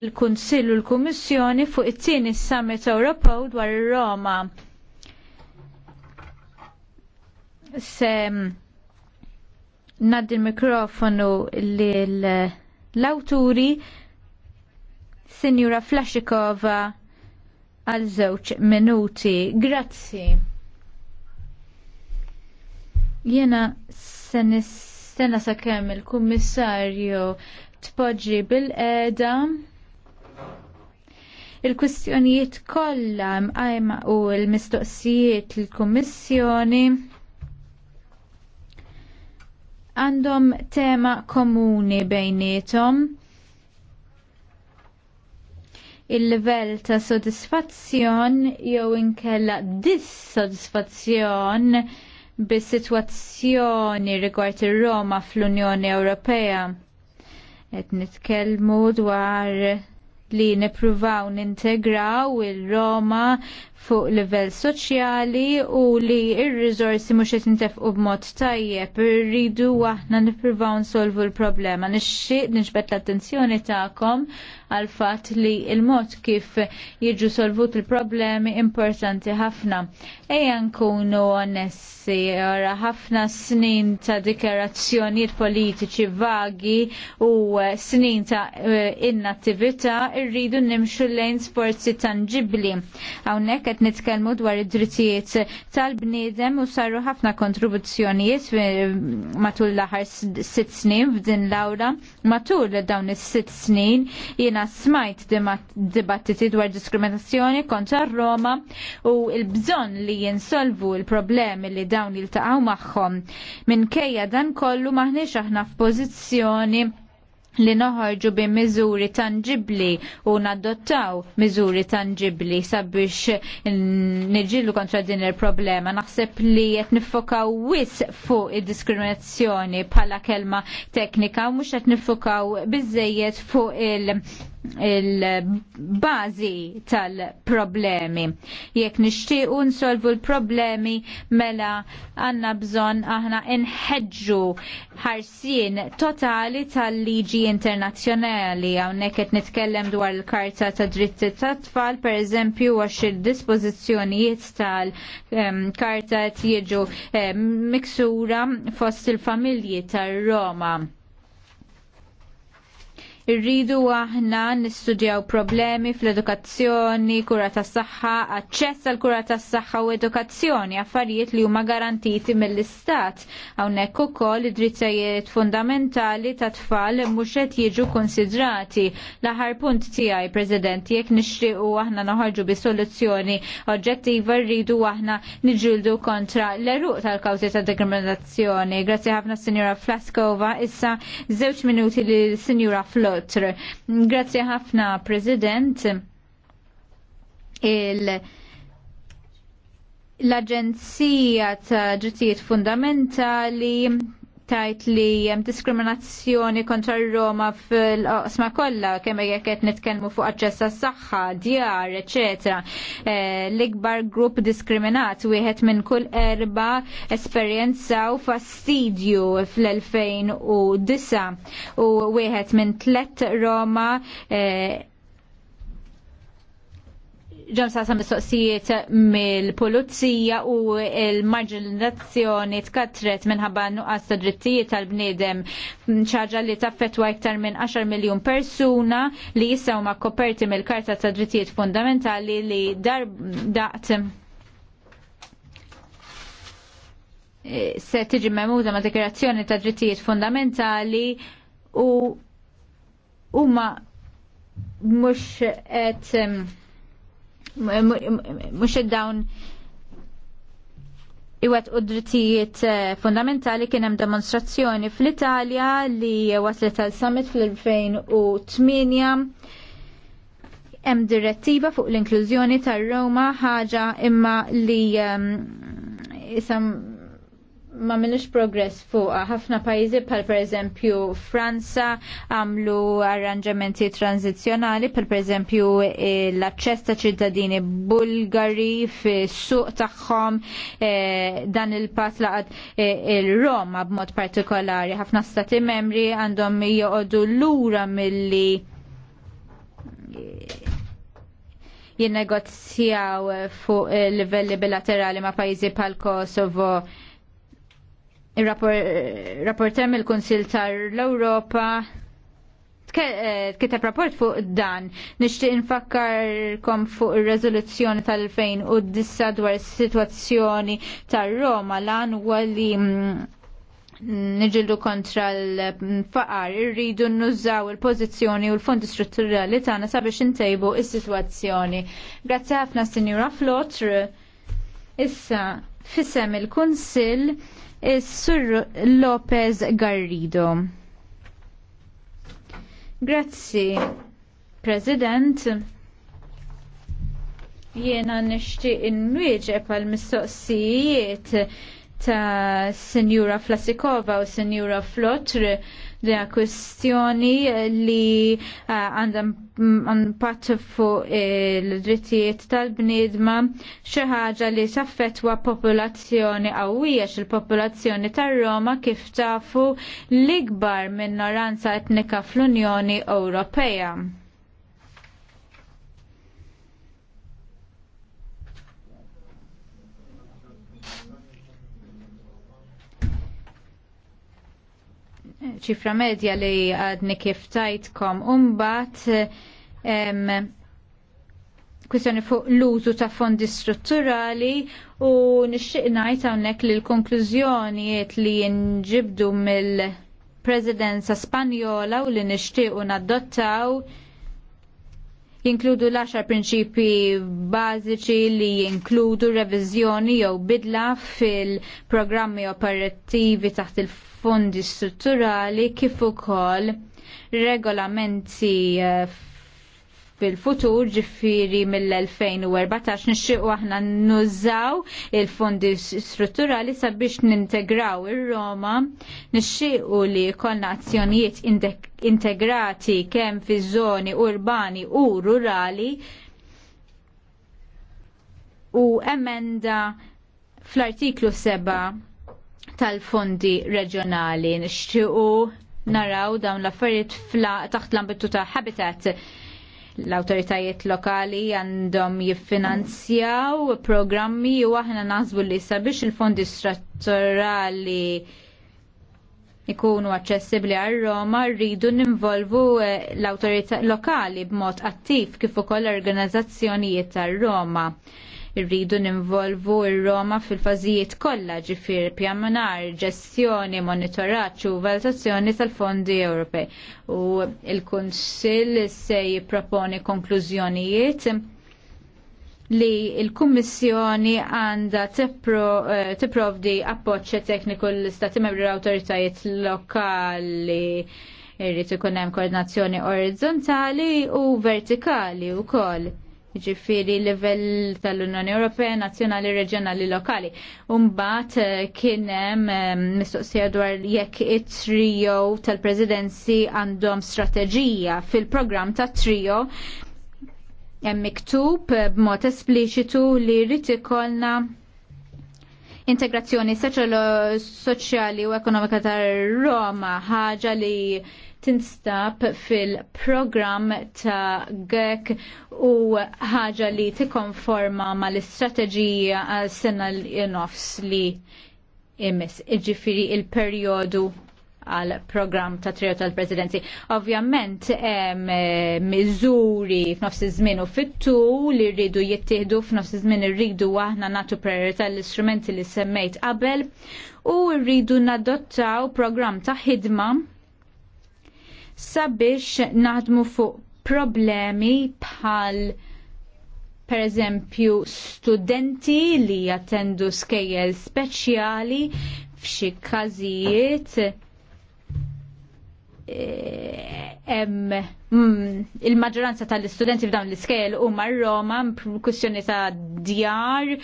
il kunsill u l-Kummissjoni fuq it-tieni Summit Ewropew dwar ir-Roma. Se mm, naddi l-mikrofonu l-awturi Sinjura Flashikova għal żewġ minuti. Grazzi. Jena sena sakemm il-Kummissarju tpoġġi bil-qeda il-kwistjonijiet kollha mqajma u l-mistoqsijiet l-Kummissjoni għandhom tema komuni bejnietom il-level ta' sodisfazzjon jew inkella dissodisfazzjon bis-sitwazzjoni rigward ir-Roma fl-Unjoni Ewropea. Qed nitkellmu dwar li nippruvaw nintegraw il-Roma fuq livell soċjali u li ir-riżorsi mhux qed intefqu b'mod tajjeb irridu aħna nippruvaw nsolvu l-problema. Nixxieq nixbet l-attenzjoni tagħkom għal fatt li l-mod kif jiġu solvut il-problemi importanti ħafna. Ejja nkunu onessi, ora ħafna snin ta' dikerazzjonijiet politiċi vagi u snin ta' eh, inattività irridu nimxu lejn sforzi tangibbli. Hawnhekk qed nitkellmu dwar id-drittijiet tal-bniedem u saru ħafna kontribuzzjonijiet matul l-aħħar sitt snin f'din l-awra. Matul dawn is-sitt snin jiena smajt dibattiti dwar diskriminazzjoni kontra Roma u l-bżonn li jinsolvu l-problemi li dawn jiltaqgħu magħhom. Minkejja dan kollu maħniex aħna f'pożizzjoni li noħorġu bi miżuri tangibli u nadottaw miżuri tangibli sabiex niġillu kontra din il-problema. Naħseb li qed nifokaw wis fuq id-diskriminazzjoni bħala kelma teknika u mhux qed nifokaw bizzejiet fuq il- il-bazi tal-problemi. Jekk nixtiequ nsolvu l-problemi mela għanna bżon aħna inħedġu ħarsien totali tal-liġi internazzjonali. Hawnhekk qed nitkellem dwar il-Karta ta' Dritti tat-Tfal, pereżempju għax il-dispożizzjonijiet tal-karta ehm, jiġu ehm, miksura fost il-familji tar-Roma Irridu aħna nistudjaw problemi fl-edukazzjoni, kura tas saħħa, aċċess għal kura tas saħħa u edukazzjoni, affarijiet li huma garantiti mill-istat. Hawnhekk ukoll id drittajiet fundamentali ta' tfal mhux qed jiġu konsidrati. L-aħħar punt tiegħi, President, jekk nixtiequ aħna noħarġu bi soluzzjoni oġġettiva rridu aħna nġildu kontra l-eruq tal-kawżi ta' diskriminazzjoni. Grazzi ħafna Sinjura Flaskova, issa żewġ minuti li Sinjura Floyd. Flotr. Grazie ħafna, President. Il- l-Aġenzija ta' Ġittijiet Fundamentali tajt li jem diskriminazzjoni kontra Roma fil-qosma kolla, kemm jekk qed nitkellmu fuq aċċess għas-saħħa, djar, eċetera. Eh, l-ikbar grupp diskriminat wieħed minn kull erba esperjenzaw fastidju fl-2009 u wieħed minn tlet Roma eh, ġem sa' mistoqsijiet mill-pulizija u il-marġinalizzazzjoni tkatret minħabba nuqqas ta' drittijiet tal-bniedem ċaġa li taffetwa iktar minn 10 miljon persuna li jissaw ma' koperti mill-karta ta' drittijiet fundamentali li dar daqt e, se tiġi memuda ma' dekorazzjoni ta' drittijiet fundamentali u huma mhux qed mhux id-dawn Iwet u drittijiet eh, fundamentali kien hemm demonstrazzjoni fl-Italja li waslet għal summit fl-2008 hemm direttiva fuq l-inklużjoni tar-Roma ħaġa imma li ehm, isam ma minnux progress fuqa. ħafna pajizi pal per eżempju Franza għamlu arranġamenti tranzizjonali pal per eżempju eh, l-access ta' ċittadini bulgari fi suq tagħhom eh, dan il-pass laqad eh, il-Roma b'mod partikolari. ħafna stati membri għandhom joqogħdu lura milli jinnegozjaw fuq livelli bilaterali ma' pajizi pal Kosovo il-rapportem il-Konsil tal-Europa eh, Kitab rapport fuq dan. Nishtiq infakkarkom fuq ir-rezoluzzjoni tal-2009 dwar is-sitwazzjoni tar-Roma lan huwa li mm, niġildu kontra l-faqar, irridu nużaw il-pozizjoni u l-fondi strutturali tagħna sabiex intejbu is-sitwazzjoni. Grazzi ħafna Signora Flotr. Issa, fissem il-Kunsill Sur Lopez Garrido. Grazzi, President. Jiena nishti inwieġeb għal mistoqsijiet ta' Senjura Flasikova u Senjura Flotr Dina kwestjoni li eh, għandam impatt fuq il-drittijiet tal-bnidma xi ħaġa li saffetwa popolazzjoni qawwija il-popolazzjoni tar-Roma kif tafu l-ikbar minoranza etnika fl-Unjoni Ewropea. ċifra medja li għadni kif tajtkom umbat kwistjoni fuq l-użu ta' fondi strutturali u nixtieq ngħid hawnhekk li l-konklużjonijiet li nġibdu mill-Presidenza Spanjola u li nixtiequ nadottaw jinkludu l-10 prinċipi bażiċi li jinkludu revizjoni jew bidla fil-programmi operattivi taħt il- fondi strutturali kif ukoll regolamenti eh, fil-futur ġifiri mill-2014 nixxiequ aħna nużaw il-fondi strutturali sabiex nintegraw ir-Roma nixxiequ li jkollna azzjonijiet integrati kemm fi żoni urbani u rurali u emenda fl-artiklu 7 tal-fondi reġjonali nixtiequ naraw dawn l-affarijiet taħt l-ambitu ta' Habitat l-autoritajiet lokali għandhom jiffinanzjaw programmi u aħna naħsbu li sabiex il-fondi strutturali ikunu aċċessibbli għal Roma rridu ninvolvu eh, l autoritajiet lokali b'mod attiv kif ukoll l organizzazzjonijiet tar Roma. Irridu ninvolvu ir-Roma fil-fażijiet kollha ġifier pjanar, ġestjoni, monitoraġġ u valutazzjoni tal-fondi Ewropej. U il-Kunsill se jipproponi konklużjonijiet li il-Kummissjoni għanda eh, tipprovdi appoċċja tekniku l-Stati Membri l awtoritajiet Lokali irrid ikun hemm koordinazzjoni orizzontali u vertikali wkoll ġifiri level tal-Unjoni Ewropea, nazzjonali, reġjonali, lokali. Umbat eh, kien hemm eh, mistoqsija dwar jekk it-trio tal-presidenzi għandhom strateġija fil-programm ta' trio hemm miktub eh, b'mod espliċitu li jrid ikollna integrazzjoni soċjali u ekonomika tar Roma ħaġa li tinstab fil-program ta' GEC u ħaġa li tikkonforma mal-istrateġija għal sena l-nofs li imis, iġifiri il-periodu għal program ta' trio tal-presidenzi. Ovvjament, miżuri f'nofs iż-żmien u fittu li rridu jittieħdu f'nofs iż-żmien irridu aħna nagħtu priorità l-istrumenti li semmejt qabel u rridu nadottaw program ta' ħidma sabiex naħdmu fuq problemi bħal per eżempju studenti li jattendu skejjel speċjali f'xi każijiet Eh, mm, il-maġġoranza tal-istudenti f'dawn l-iskel u mar-Roma kwistjoni ta' djar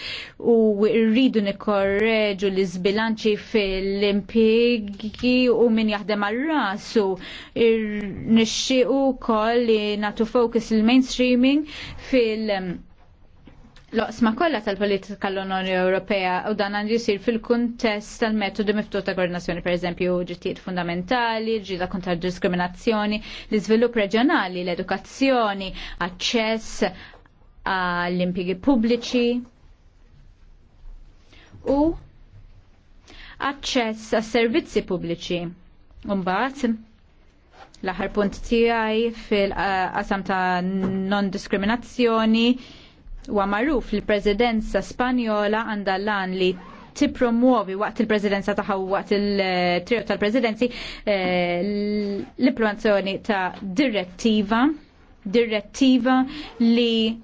u rridu nikorreġu l-izbilanċi fil impigi u min jaħdem għal-rasu nixxiequ wkoll li nagħtu focus il-mainstreaming fil- l-oqsma kollha tal-politika l-Unjoni Ewropea u dan għandu jisir fil-kuntest tal-metodi miftuħ ta' koordinazzjoni, pereżempju ġittijiet fundamentali, ġida kontra diskriminazzjoni, l-iżvilupp reġjonali, l-edukazzjoni, aċċess għall impjiegi pubbliċi u aċċess għas servizzi pubbliċi. mbagħad, l aħħar punt tiegħi fil-qasam ta' non-diskriminazzjoni, Huwa magħruf li l-Presidenza Spanjola għandha lan li tippromuovi waqt il-Presidenza tagħha waqt il-trio tal-Presidenzi eh, l-implementazzjoni ta' direttiva direttiva li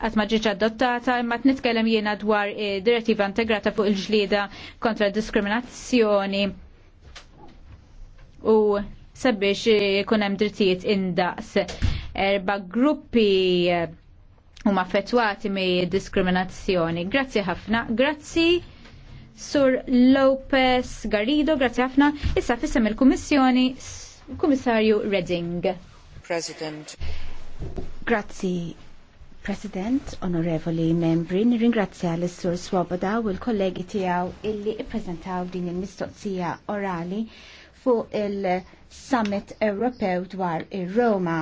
għat ġietx adottata, imma t nitkellem jiena dwar eh, direttiva integrata fuq il-ġlida kontra diskriminazzjoni u sabiex eh, kunem drittijiet indaqs. Erba gruppi huma affettwati me diskriminazzjoni. Grazzi ħafna, grazzi Sur Lopez Garrido, grazie ħafna. Issa fissem il-Kummissjoni, Kummissarju Redding. President. Grazzi. President, onorevoli membri, nirringrazzja l sur Swoboda u l-kollegi tijaw illi i-prezentaw din il-mistoqsija orali fuq il-Summit Ewropew dwar ir-Roma. il summit ewropew dwar il summit ewropew dwar ir roma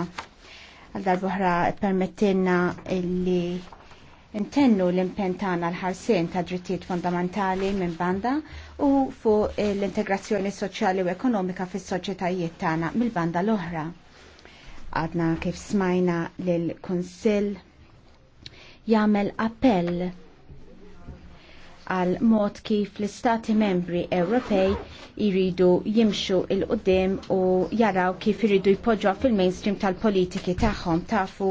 għal darbohra permettilna li intennu l-impentana l-ħarsien ta' drittijiet fondamentali minn banda u fuq l-integrazzjoni soċjali u ekonomika fis soċjetajiet tagħna mill-banda l-oħra. Għadna kif smajna l-Konsil jagħmel appell għal mod kif l-Istati membri Ewropej iridu jimxu il-qoddim u jaraw kif iridu jpoġġa fil-mainstream tal-politiki tagħhom tafu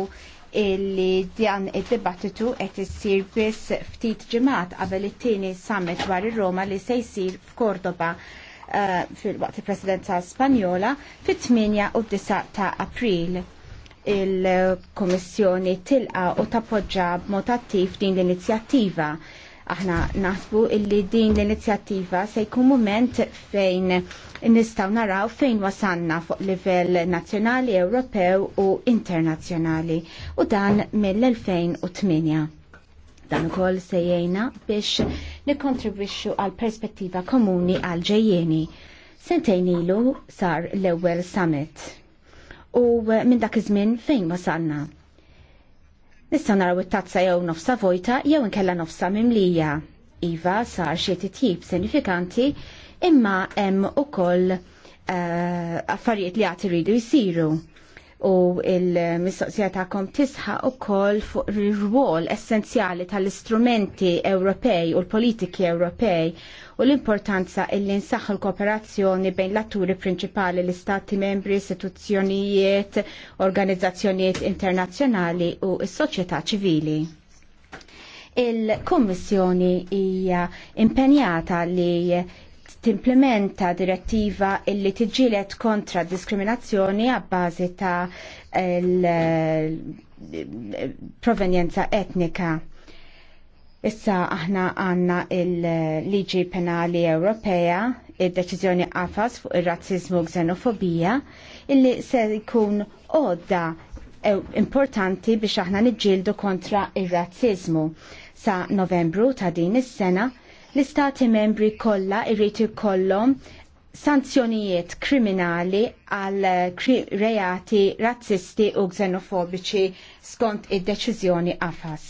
illi dan id-dibattitu qed issir biss ftit ġimgħat qabel it-tieni summit dwar ir-Roma li se jsir f'Kordoba uh, fil-waqt il-Presidenza Spanjola fit-8 u 9 ta' April il kummissjoni tilqa u tappoġġa b'mod attiv din l-inizjattiva Aħna nasbu illi din l-inizjattiva se jkun moment fejn nistaw naraw fejn wasanna fuq livell nazzjonali, Ewropew u internazzjonali u dan mill-2008. Dan ukoll se jgħinna biex nikkontribwixxu għal perspettiva komuni għal ġejjeni. Sentejn ilu sar l-ewwel summit. U minn dak iż-żmien fejn wasalna? Nista' naraw it-tazza jew nofsa vojta jew inkella nofsa mimlija. Iva sar xi titjib sinifikanti imma hemm ukoll uh, affarijiet li għati iridu jisiru u il-mistoqsija ta'kom tisħa u koll fuq rirwol essenzjali tal-istrumenti Ewropej u l-politiki Ewropej u l-importanza illi nsaħħu l-kooperazzjoni bejn l-atturi prinċipali l-istati membri, istituzzjonijiet, organizzazzjonijiet internazzjonali u s-soċjetà ċivili. Il-Kommissjoni hija impenjata li timplementa direttiva illi tiġilet kontra diskriminazzjoni għabbażi ta' l-provenjenza etnika. Issa aħna għanna il-liġi penali Ewropea, il-deċizjoni qafas fuq ir-razzizmu il xenofobija, illi se jkun għodda importanti biex aħna niġġieldu kontra il razzizmu Sa novembru ta' din is-sena L-istati membri kollha irrid kollom sanzjonijiet kriminali għal reati razzisti u xenofobiċi skont id-deċiżjoni afas.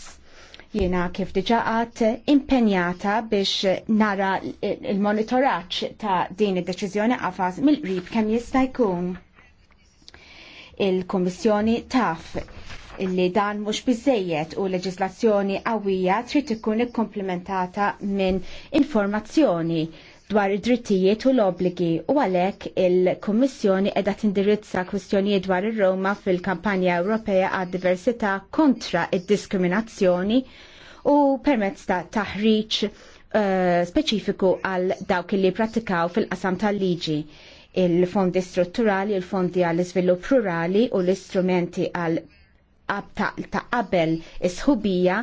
Jiena kif diġaqat impenjata biex nara il-monitoraċ ta' din id-deċizjoni għafas mill-qrib kemm jista' jkun. Il-Kommissjoni taf illi dan mhux biżejjed u leġislazzjoni qawwija trid ikun ikkomplementata minn informazzjoni dwar id-drittijiet u l-obligi u għalhekk il-Kummissjoni qiegħda tindirizza kwistjonijiet dwar ir-Roma fil-kampanja Ewropea għad diversità kontra id-diskriminazzjoni u permezz ta' taħriġ uh, speċifiku għal dawk li pratikaw fil-qasam tal-liġi il-fondi strutturali, il-fondi għall-iżvilupp rurali u l-istrumenti għal ta' qabel is-ħubija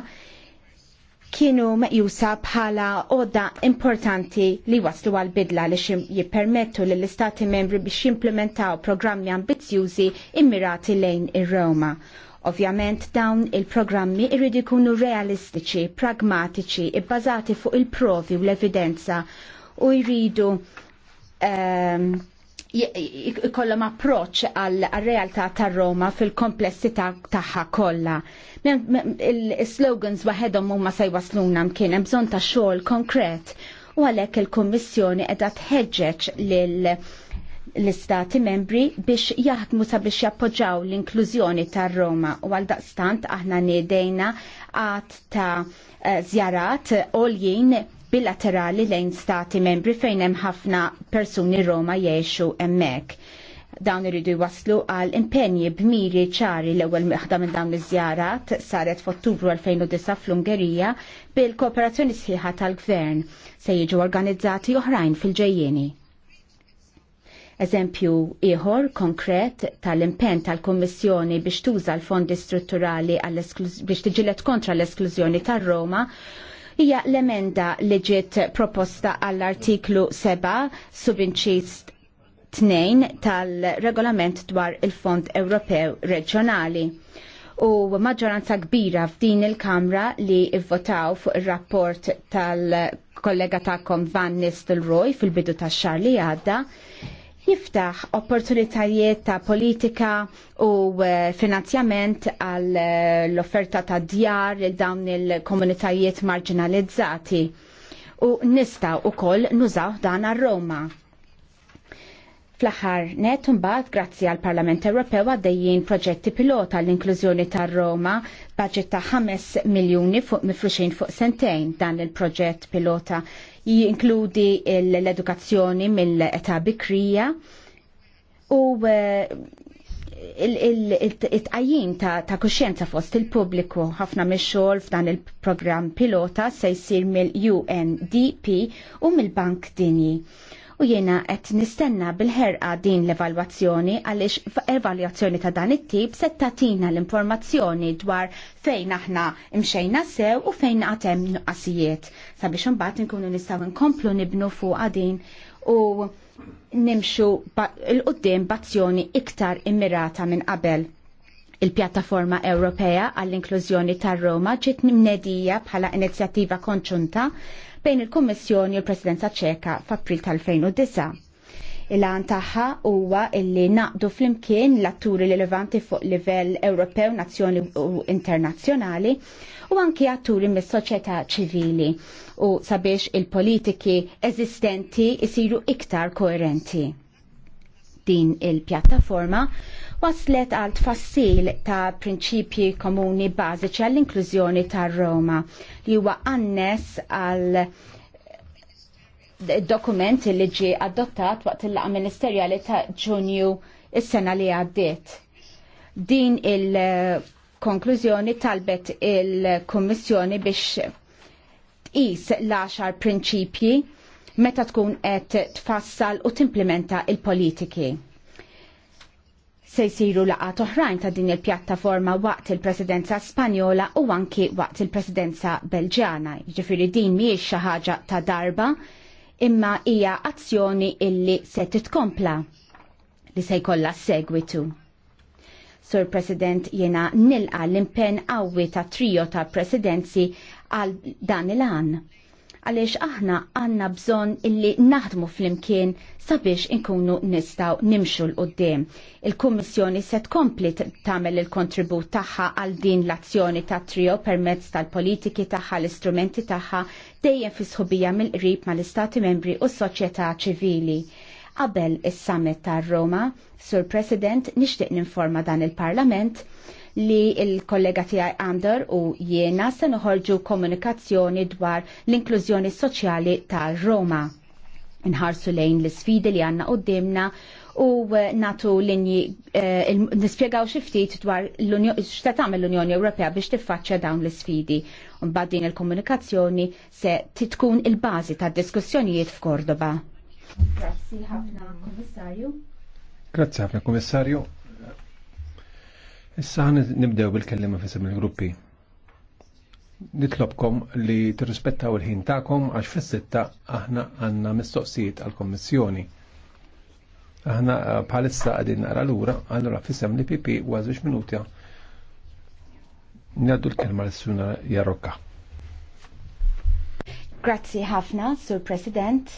kienu meqjusa bħala oda importanti li waslu għal bidla li jippermettu l istati membri biex jimplementaw programmi ambizjużi immirati lejn ir-Roma. Ovvjament dawn il-programmi irridu jkunu realistiċi, pragmatiċi, ibbażati fuq il-provi u l-evidenza u jridu um, ikollom approċċ għal-realtà ta' Roma fil-komplessità tagħha kollha. Il-slogans waħedhom huma se jwasluna mkien hemm bżonn ta' xogħol konkret u għalhekk il-Kummissjoni qiegħda tħeġġeġ lil l-istati membri biex jaħdmu sabiex jappoġġaw l-inklużjoni tar Roma u għal daqstant aħna ngħidejna għad ta' zjarat eh, għoljin bilaterali lejn stati membri fejn hemm ħafna persuni Roma jgħixu hemmhekk. Dawn iridu jwaslu għal impenji b'miri ċari l-ewwel meħda minn dawn iż-żjarat saret f'Ottubru 2009 fl-Ungerija bil-kooperazzjoni sħiħa tal-Gvern se jiġu organizzati oħrajn fil-ġejjieni. Eżempju ieħor konkret tal-impenn tal kummissjoni biex tuża l-fondi strutturali biex tiġilet kontra l-esklużjoni tar-Roma hija l-emenda li ġiet proposta għall-artiklu 7 subinċis 2 tal-regolament dwar il-Fond Ewropew Reġjonali u maġġoranza kbira f'din il-Kamra li votaw fuq ir-rapport tal-kollega tagħkom Van Roy fil-bidu tax-xahar li għadda jiftaħ opportunitajiet ta' politika u eh, finanzjament għal eh, l-offerta ta' djar il dawn il-komunitajiet marginalizzati u nista u koll nużaw dan ar Roma. Fl-aħħar net mbagħad grazzi għal Parlament Ewropew għaddejjin proġetti pilota l-inklużjoni tar Roma budget ta' 5 miljuni fuq mifruxin fuq sentejn dan il-proġett pilota jinkludi l-edukazzjoni mill-età bikrija u eh, il-tqajjim ta' kuxjenza fost il-pubbliku ħafna mix-xogħol f'dan il-programm pilota se jsir mill-UNDP u mill-Bank Dinji u jiena qed nistenna bil-ħerqa din l-evalwazzjoni għaliex evalwazzjoni ta' dan it-tip se tatina l-informazzjoni dwar fejn aħna imxejna sew u fejn qatt hemm nuqqasijiet sabiex imbagħad inkunu nistgħu nkomplu nibnu fuq din u nimxu l-qoddim b'azzjoni iktar immirata minn qabel. Il-pjattaforma Ewropea għall-inklużjoni tar-Roma ġiet mnedija bħala inizjattiva konċunta bejn il-Kummissjoni u l-Presidenza ċeka f'April tal-2009. Il-għan taħħa huwa illi naqdu fl-imkien l-atturi rilevanti fuq livell Ewropew, nazzjoni u internazzjonali u anki atturi mis soċjetà ċivili u sabiex il-politiki eżistenti isiru iktar koerenti. Din il-pjattaforma waslet għal tfassil ta' prinċipji komuni bażiċi għall-inklużjoni ta' Roma li huwa annes għal dokument li ġie adottat waqt il ministerjali ta' ġunju is-sena li għaddiet. Din il-konklużjoni talbet il-Kommissjoni biex tqis l-10 prinċipji meta tkun qed tfassal u timplementa il-politiki se jsiru laqat oħrajn ta' din il-pjattaforma waqt il-presidenza Spanjola u anki waqt il-presidenza Belġana. Ġifiri din miex xi ħaġa ta' darba, imma hija azzjoni illi se titkompla li se jkollha segwitu. Sur President jena nilqa l-impen qawwi ta' trio ta' presidenzi għal dan il-għan għaliex aħna għanna bżon illi naħdmu fl-imkien sabiex inkunu nistaw nimxu l-qoddim. Il-Kummissjoni se tkompli tagħmel il-kontribut tagħha għal din l-azzjoni ta' trio permezz tal-politiki tagħha l-istrumenti tagħha dejjem fi sħubija mill-qrib mal-Istati membri u s-soċjetà ċivili qabel is-summit tar Roma, Sur President nixtieq ninforma dan il-Parlament li il-kollega tiegħi Ander u jiena se noħorġu komunikazzjoni dwar l-inklużjoni soċjali ta' Roma. Nħarsu lejn l-sfidi li għanna qoddimna u eh, natu linji eh, nispjegaw xi ftit dwar x'ta tagħmel l-Unjoni Ewropea biex tiffaċċja dawn l-isfidi. Mbagħad din il-komunikazzjoni se titkun il-bażi tad-diskussjonijiet f'Kordoba. Grazzi ħafna, Komissarju. Grazzi ħafna, Komissarju. Issa ħan nibdew bil-kellima fisem il-gruppi. Nitlobkom li tirrispettaw il-ħin ta'kom għax fissitta aħna għandna mistoqsijiet għal-Kommissjoni. Aħna eh, bħalissa għadin l lura, għallura fissim li Pipi għazix minuti Njaddu l-kelma l-suna jarrokka. Grazzi ħafna, Sur President.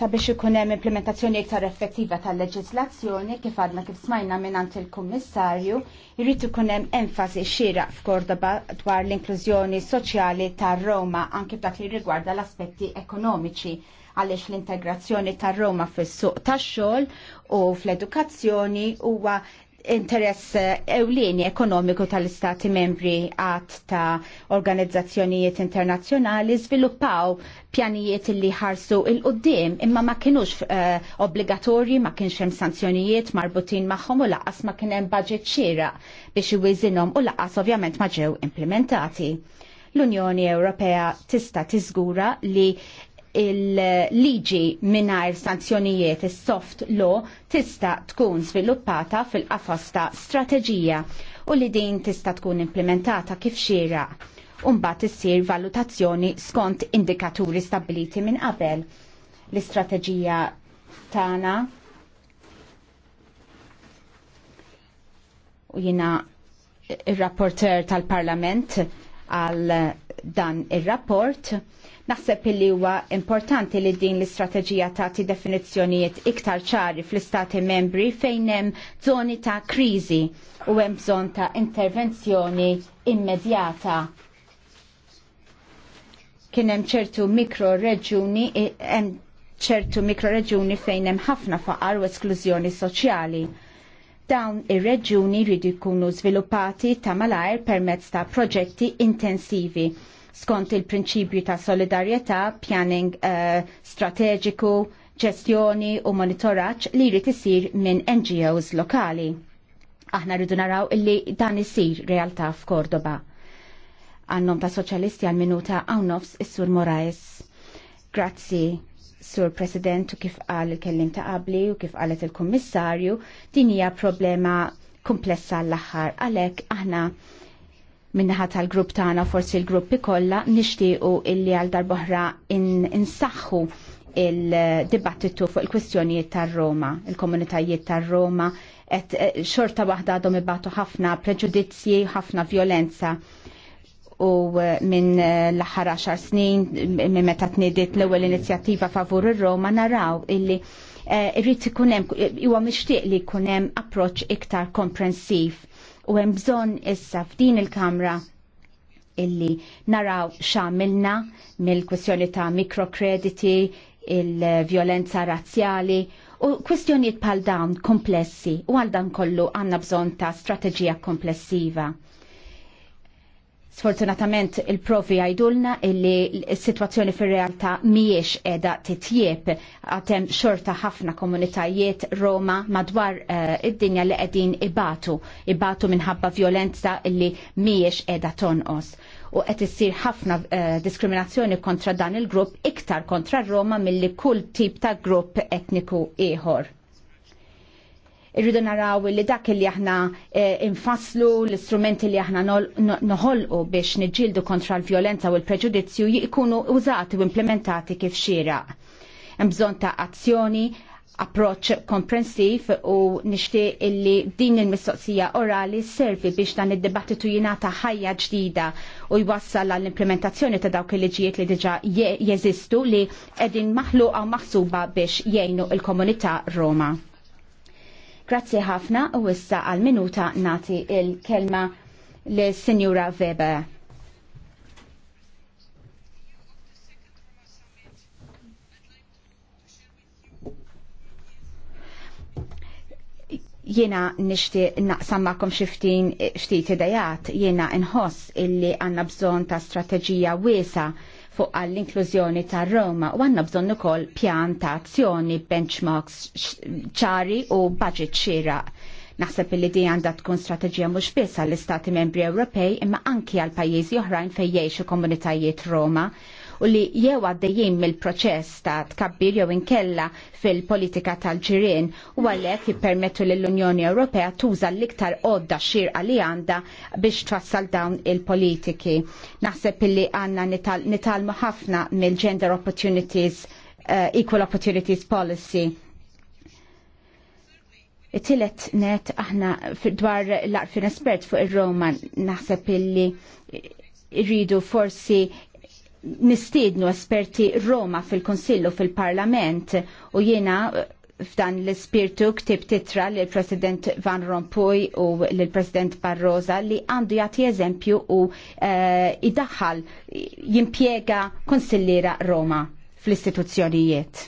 sabiex ikun hemm implementazzjoni iktar effettiva tal-leġislazzjoni kif għadna kif smajna minn il-Kummissarju, jrid ikun hemm enfasi xieraq f'Kordoba dwar l-inklużjoni soċjali tar-Roma anke f'dak li rigwarda l-aspetti ekonomiċi għaliex l-integrazzjoni tar-Roma fis-suq tax-xogħol u fl-edukazzjoni huwa interess eh, ewlieni ekonomiku tal-istati membri għat ta' organizzazzjonijiet internazzjonali sviluppaw pjanijiet li ħarsu il-qoddim imma ma kienux uh, eh, obbligatorji, ma kienx hemm sanzjonijiet marbutin magħhom u laqas ma kien hemm budget xira biex iwiżinhom u laqas ovvjament ma ġew implementati. L-Unjoni Ewropea tista' tiżgura li il-liġi mingħajr sanzjonijiet is soft law tista' tkun sviluppata fil qafasta strategija strateġija u li din tista' tkun implementata kif xira. Umbat issir valutazzjoni skont indikaturi stabiliti minn qabel. L-istrateġija tagħna u jiena il rapporter tal-Parlament għal dan ir-rapport Naħseb illi huwa importanti li din l-istrateġija tagħti definizzjonijiet iktar ċari fl-istati membri fejn hemm żoni ta' kriżi u hemm bżonn ta' intervenzjoni immedjata. Kien hemm ċertu mikroreġuni eh, hemm ċertu mikroreġuni fejn hemm ħafna faqar u esklużjoni soċjali. Dawn ir-reġuni jridu jkunu żviluppati ta' malajr permezz ta' proġetti intensivi skont il-prinċipju ta' solidarjetà, pjanning uh, strateġiku, ġestjoni u monitoraġġ li jrid isir minn NGOs lokali. Aħna rridu naraw illi dan isir realtà f'Kordoba. Għannom ta' soċjalisti għal minuta għawnofs is-Sur Moraes. Grazzi. Sur President u kif qal il-kellim ta' qabli u kif qalet il-Kummissarju, din hija problema komplessa l-aħħar għalhekk aħna minnaħa tal-grupp tagħna forsi l-gruppi kollha nixtiequ illi għal darbohra insaħħu il-dibattitu fuq il-kwistjonijiet tar-Roma, il-komunitajiet tar-Roma, et eh, xorta waħda għadhom ibatu ħafna preġudizzji, ħafna violenza u eh, minn eh, l-aħħar 10 snin minn meta tnidiet l-ewwel inizjattiva favur ir-Roma naraw illi irrid ikun hemm huwa mixtieq li jkun hemm approċċ iktar komprensiv u hemm bżonn issa f'din il-Kamra illi naraw xamilna mill-kwestjoni ta' mikrokrediti, il vjolenza razzjali u kwestjonijiet bħal dawn komplessi u għal dan kollu għanna bżonn ta' strateġija komplessiva Sfortunatament il-provi għajdulna illi s-situazzjoni fil realtà miex edha titjieb għatem xorta ħafna komunitajiet Roma madwar uh, id-dinja li qegħdin ibatu, ibatu minħabba violenza illi miex edha tonqos u qed issir ħafna uh, diskriminazzjoni kontra dan il-grupp iktar kontra Roma milli kull tip ta' grupp etniku ieħor irridu naraw li dak li aħna eh, infaslu l-istrumenti li aħna noħolqu biex niġġieldu kontra l-vjolenza u l-preġudizzju jkunu użati u implementati kif xieraq. Hemm bżonn ta' azzjoni, approċ komprensiv u nixtieq illi din il-mistoqsija orali servi biex dan id-dibattitu jingħata ħajja ġdida u jwassal għall implementazzjoni ta' dawk il-liġijiet li diġà jeżistu li qegħdin maħluqa u maħsuba biex jgħinu l komunità Roma. Grazzi ħafna u issa għal minuta nati il-kelma l sinjura Weber. Jiena nishti naqsam ma'kom xiftin xtiti idejat, jiena nħoss illi għanna bżon ta' strategija wiesa' fuq għall-inklużjoni ta' Roma u għanna bżonn ukoll pjan ta' azzjoni benchmarks ċari u budget xira. Naħseb li di għandha tkun strateġija mhux biss għall-Istati Membri Ewropej imma anki għal pajjiżi oħrajn fejn jgħixu komunitajiet Roma u li jew għaddejjin mill-proċess ta' tkabbir jew inkella fil-politika tal-ġirien u għalhekk jippermettu lill-Unjoni Ewropea tuża l-iktar għodda xirqa li għandha biex twassal dawn il-politiki. Naħseb illi għandna nitalmu ħafna mill-Gender Opportunities uh, Equal Opportunities Policy Tilet net aħna dwar l-arfin espert fuq il-Roma naħseb illi rridu forsi nistiednu esperti Roma fil-Konsillu fil-Parlament u jiena eh, f'dan l-ispirtu ktib titra l president Van Rompuy u l-President Barroza li għandu jati eżempju u uh, idaħħal jimpiega konsillira Roma fl-istituzzjonijiet.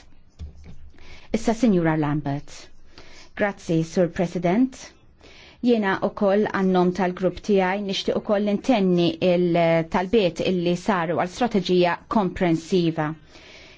Issa Signora Lambert. Grazzi, Sur President. Jena u koll għannom tal-grupp tijaj nishti u koll intenni tal-biet illi saru għal strategija komprensiva.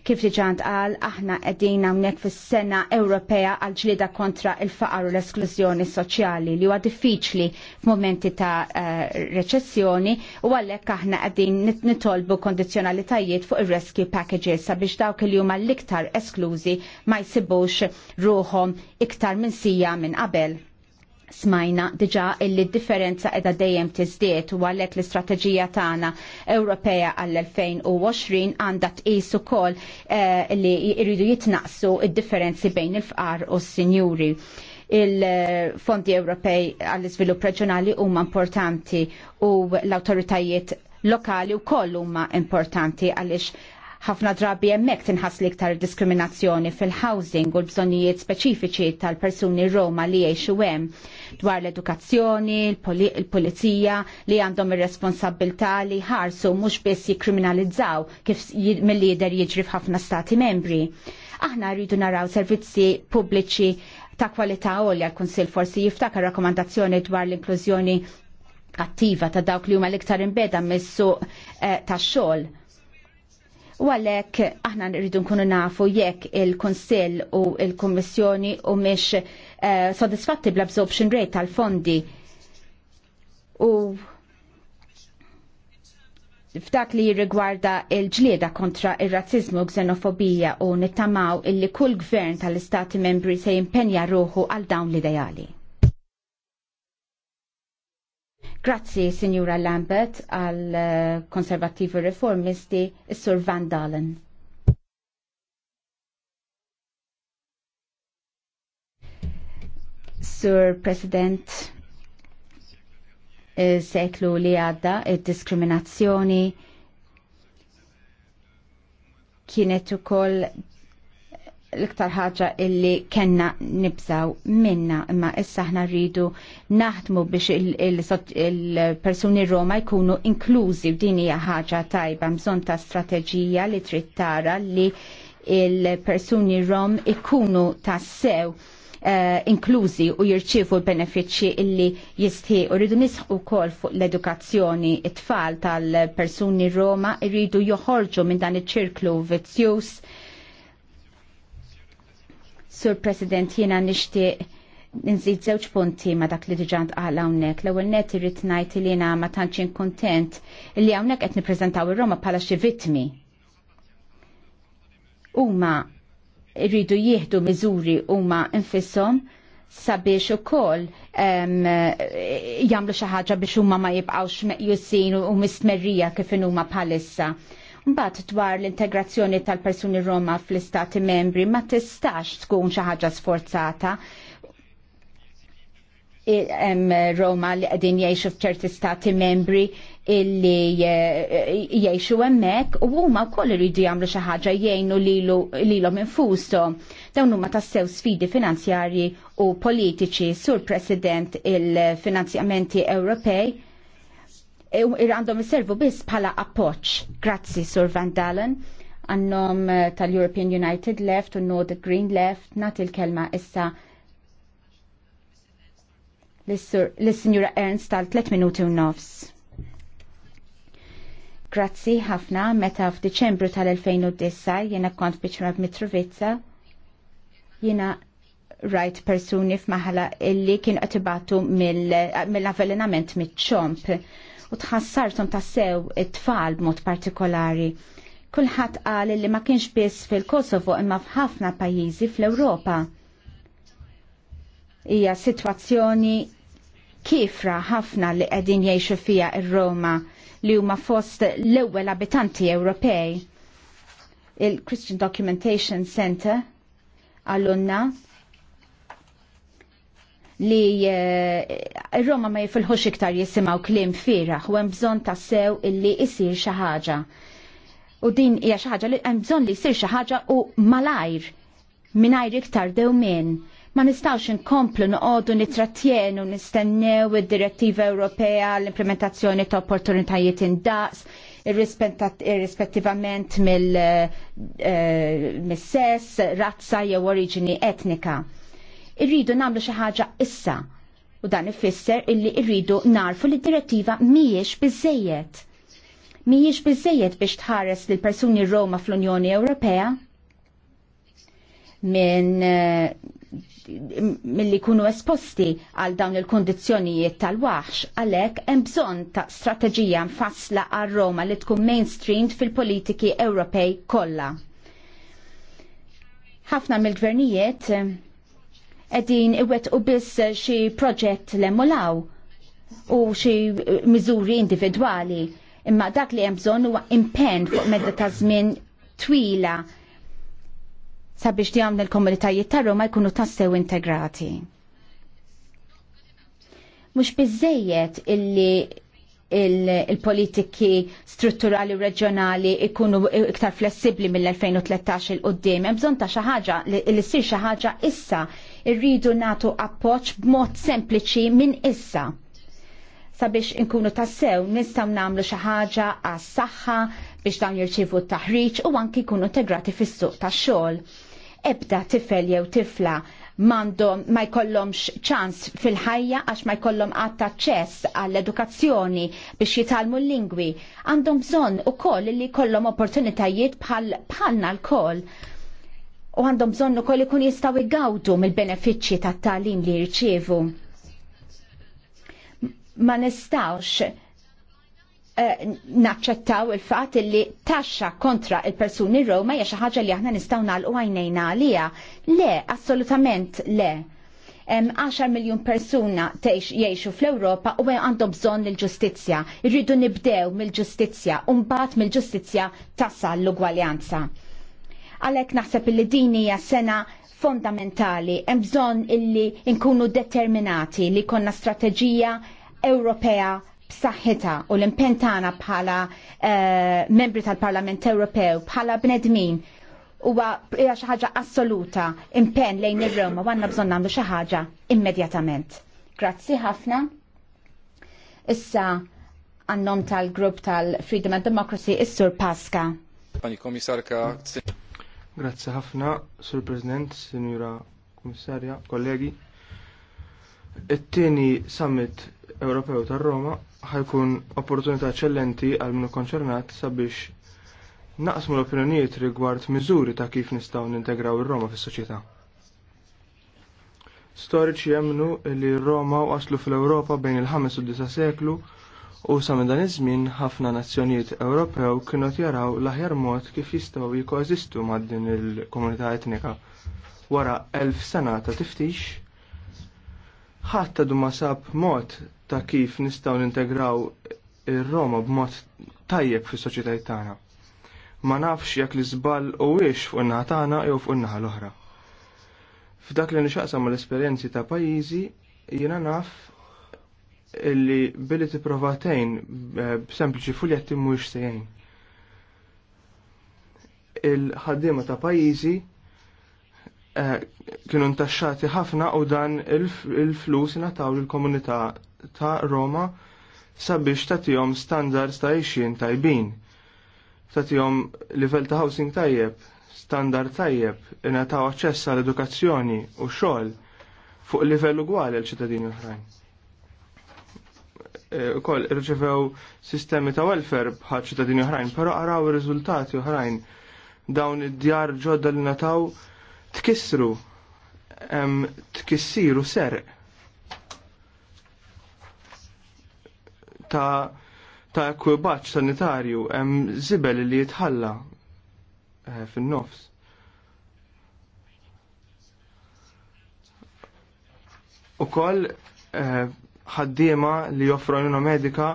Kif li għal, aħna għedin għamnek fis sena Ewropea għal ġlida kontra il-faqar u l-esklużjoni soċjali li huwa diffiċli f'momenti ta' uh, reċessjoni u għallek aħna għedin nitolbu kondizjonalitajiet fuq il-rescue packages sabiex dawk li huma l-iktar esklużi ma jisibux ruħom iktar minn sija minn qabel smajna diġa illi differenza edha dejjem tiżdiet u għallek l-istrateġija tagħna Ewropea għall-2020 għandha tqis ukoll eh, li jridu jitnaqsu id-differenzi bejn il-fqar u s-sinjuri il-fondi Ewropej għall-iżvilupp reġjonali huma importanti u l-awtoritajiet lokali u koll huma importanti għaliex ħafna drabi hemmhekk tinħass li iktar diskriminazzjoni fil-housing u l-bżonnijiet speċifiċi tal-persuni Roma li jgħixu hemm dwar l-edukazzjoni, il-pulizija li għandhom ir-responsabilità li ħarsu mhux biss jikkriminalizzaw kif mill-lider jiġri f'ħafna stati membri. Aħna rridu naraw servizzi pubbliċi ta' kwalità għolja l-Kunsil forsi jiftakar rakkomandazzjoni dwar l-inklużjoni attiva ta' dawk li huma l-iktar imbeda mis-suq eh, tax-xogħol U għalek aħna rridu nkunu nafu jekk il-Konsil u il-Kommissjoni u miex uh, eh, soddisfatti bl-absorption rate tal-fondi. U f'dak li jirrigwarda il-ġlieda kontra ir-razzizmu u xenofobija u nittamaw illi kull gvern tal-istati membri se jimpenja ruħu għal dawn l-ideali. Grazzi, Signora Lambert, għal eh, konservativi reformisti, Sur Van Dalen. Sur President, seklu li għadda id-diskriminazzjoni kienet ukoll l-iktar ħaġa illi kenna nibżaw minna imma issa ħna rridu naħdmu biex il-persuni Roma jkunu inklużi u hija ħaġa tajba bżonn ta' strateġija li trid tara li il-persuni Rom ikunu tassew sew eh, inklużi u jirċifu l-benefiċċji illi jistħi u rridu nisħu kol fuq l-edukazzjoni it-tfal tal-persuni Roma irridu joħorġu minn dan iċ-ċirklu vizzjus. Sur President, jiena nixtieq nżid żewġ punti ma dak li diġant għal hawnhekk. L-ewwel net irrid ngħid li jiena ma tantx inkuntent li hawnhekk qed nippreżentaw ir-Roma bħala xi vittmi. Huma rridu jieħdu miżuri huma infisshom sabiex ukoll jagħmlu xi ħaġa biex huma ma jibqgħux meqjusin u mistmerrija kif in huma bħalissa Mbagħad dwar l-integrazzjoni tal-persuni Roma fl-istati membri ma tistax tkun xi ħaġa sforzata. Roma li qegħdin jgħixu f'ċerti stati membri illi eh, jgħixu hemmhekk, u huma wkoll iridu jagħmlu xi ħaġa jgħinu lilhom infushom. Dawn huma tassew sfidi finanzjarji u politiċi sur President il-finanzjamenti Ewropej E, għandhom iservu biss bħala appoġġ. Grazzi, Sur Van Dalen, għannom eh, tal-European United Left u the Green Left, nat il-kelma issa l-Signora Ernst tal 3 minuti u nofs. Grazzi ħafna meta f'Diċembru tal-2009 jena kont biċma b'Mitrovica jena rajt persuni f'maħala illi kien qatibatu mill-avvelenament mill-ċomp. mill avvelenament mit ċomp u tħassartom tassew it-tfal b'mod partikolari. Kulħadd qal li ma kienx biss fil-Kosovo imma f'ħafna pajjiżi fl-Ewropa. Hija sitwazzjoni kifra ħafna li qegħdin jgħixu fiha ir-Roma li huma fost l-ewwel abitanti Ewropej. Il-Christian Documentation Center għallunna li eh, Roma ma jifilħux iktar jisimaw klim firaħ u hemm bżonn tassew illi jsir xi ħaġa. U din hija xi ħaġa li hemm bżonn li jsir xi ħaġa u malajr mingħajr iktar dewmien. Ma nistawx inkomplu noqogħdu nitrattjenu nistennew id-direttiva Ewropea l-implementazzjoni ta' opportunitajiet indaqs, irrispettivament mill-sess, eh, eh, razza jew oriġini etnika irridu namlu xi ħaġa issa. U dan ifisser illi irridu narfu li direttiva mhijiex biżejjed. Mhijiex biżejjed biex tħares lil persuni Roma fl-Unjoni Ewropea minn eh, mill-li kunu esposti għal dawn il-kondizjonijiet tal-waħx, għalek hemm bżonn ta' strateġija mfassla għal Roma li tkun mainstreamed fil-politiki Ewropej kollha. Ħafna mill-gvernijiet edin iwet u biss xi proġett l u xi miżuri individwali imma dak li hemm bżonn huwa impenn fuq medda ta' żmien twila sabiex dawn il-komunitajiet tarru ma jkunu tassew integrati. Mhux biżejjed illi il-politiki strutturali u reġjonali ikunu iktar flessibli mill-2013 il-qoddim. Hemm bżonn ta' xi ħaġa li ssir xi ħaġa issa irridu natu appoċ b'mod sempliċi minn issa sabiex inkunu tassew nistaw namlu xi ħaġa għas saħħa biex dawn jirċivu t-taħriġ u anki jkunu integrati fis-suq tax-xogħol. Ebda tifel jew tifla mandom ma jkollomx ċans fil-ħajja għax ma jkollhom għadd aċċess għall-edukazzjoni biex jitalmu l-lingwi. Għandhom bżonn ukoll li jkollhom opportunitajiet bħal bħalna l-koll u għandhom bżonnu koll ikun jistaw igawdu mill-benefiċċji tat-talim li jirċievu. Ma nistawx eh, naċċettaw il-fat li taxxa kontra il-persuni Roma hija xi ħaġa li aħna nistgħu nagħlqu għajnejna għalija, Le, assolutament le. 10 miljun persuna teħx jiexu fl-Europa u għandhom bżon l-ġustizja. Irridu nibdew mill-ġustizja, mbagħad mill-ġustizja tasal l-ugwaljanza. Għalhekk naħseb illi din hija sena fondamentali, hemm bżonn illi nkunu determinati li konna strateġija Ewropea b'saħħitha u l-impentana bħala uh, membri tal-Parlament Ewropew, bħala bnedmin huwa hija xi ħaġa assoluta impenn lejn ir-Roma u għandna bżonn nagħmlu xi ħaġa immedjatament. Grazzi ħafna. Issa għannom tal-grupp tal-Freedom and Democracy is-Sur Pasca. Pani Komisarka, Grazzi ħafna, Sur President, Sinjura Commissaria, kollegi. It-tieni Summit Ewropew tar Roma ħajkun opportunità eċċellenti għal minnu konċernat sabiex naqsmu l-opinjonijiet rigward miżuri ta' kif nistgħu nintegraw ir-Roma fis-soċjetà. Storiċi jemnu li r-Roma waslu fl-Ewropa bejn il-5 u 9 seklu U sa minn dan iż-żmien ħafna nazzjonijiet Ewropew kienu jaraw l-aħjar mod kif jistgħu jikkożistu ma' din il-komunità etnika. Wara elf sena ta' tiftix, ħadd għadu ma sab mod ta' kif nistgħu nintegraw ir-Roma b'mod tajjeb fis-soċjetajiet tagħna. Ma nafx jekk li żball u wiex fuq in-naħa tagħna jew fuq in-naħa l-oħra. F'dak li nixaqsam mal-esperjenzi ta' pajjiżi jiena naf illi billi tipprovatejn b'sempliċi eh, fuljetti mhux sejjin. Il-ħaddiema ta' pajjiżi eh, kienu ntaxxati ħafna u dan il-flus ingħataw lill-komunità ta' Roma sabiex tagħtihom standards ta' ixjien tajbin. Tagħtihom livell ta' housing tajjeb, standard tajjeb, ingħataw aċċess għall edukazzjoni u xogħol fuq livell ugwali għal ċittadini oħrajn Eh, koll irċevew sistemi ta' welfare bħal ċittadini oħrajn, però għaraw ir-riżultati oħrajn dawn id-djar ġodda li nataw tkissru tkissiru ser ta' ta' ekwibaċ sanitarju hemm zibel li jitħalla eh, fin-nofs. U koll eh, ħaddiema li joffru għajnuna medika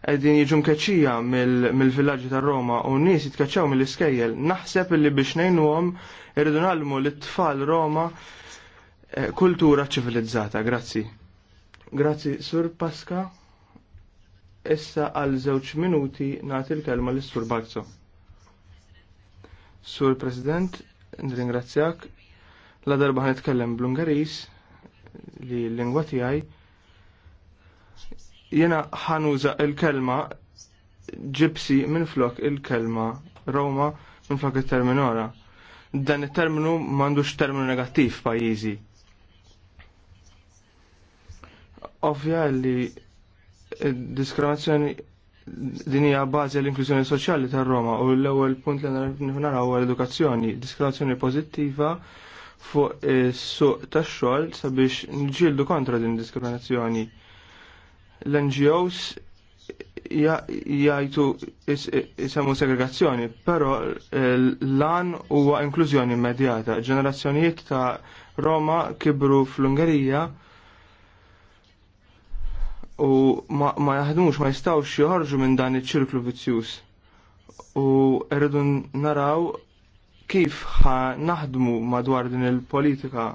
qegħdin jiġu mkeċija mill-villaġġi tar Roma u n-nis jitkeċċaw mill-iskejjel. Naħseb li biex ngħinuhom irridu nagħlmu lit-tfal Roma eh, kultura ċivilizzata. Grazzi. Grazzi, Sur Pasqa. Issa għal żewġ minuti nagħti l-kelma lis sur Balzo. Sur President, nirringrazzjak. La darba ħanitkellem bl-Ungaris li l-lingwa tiegħi Jena ħanuża il-kelma ġipsi minflok il-kelma Roma minflok il-terminora. Dan il-terminu mandux terminu negattiv pajizi. Ovvja li diskriminazzjoni din hija bażi l-inklużjoni soċjali tar-Roma u l-ewwel punt li naraw l-edukazzjoni, diskriminazzjoni pożittiva fuq is-suq tax-xogħol sabiex nġildu kontra din diskriminazzjoni l-NGOs jajtu jisemmu segregazzjoni, pero eh, l-lan huwa inklużjoni immedjata. Ġenerazzjonijiet ta' Roma kibru fl-Ungerija u ma, jaħdmux, ma jistawx joħorġu minn dan iċ-ċirklu vizzjuż. U rridu naraw kif ħa naħdmu madwar din il-politika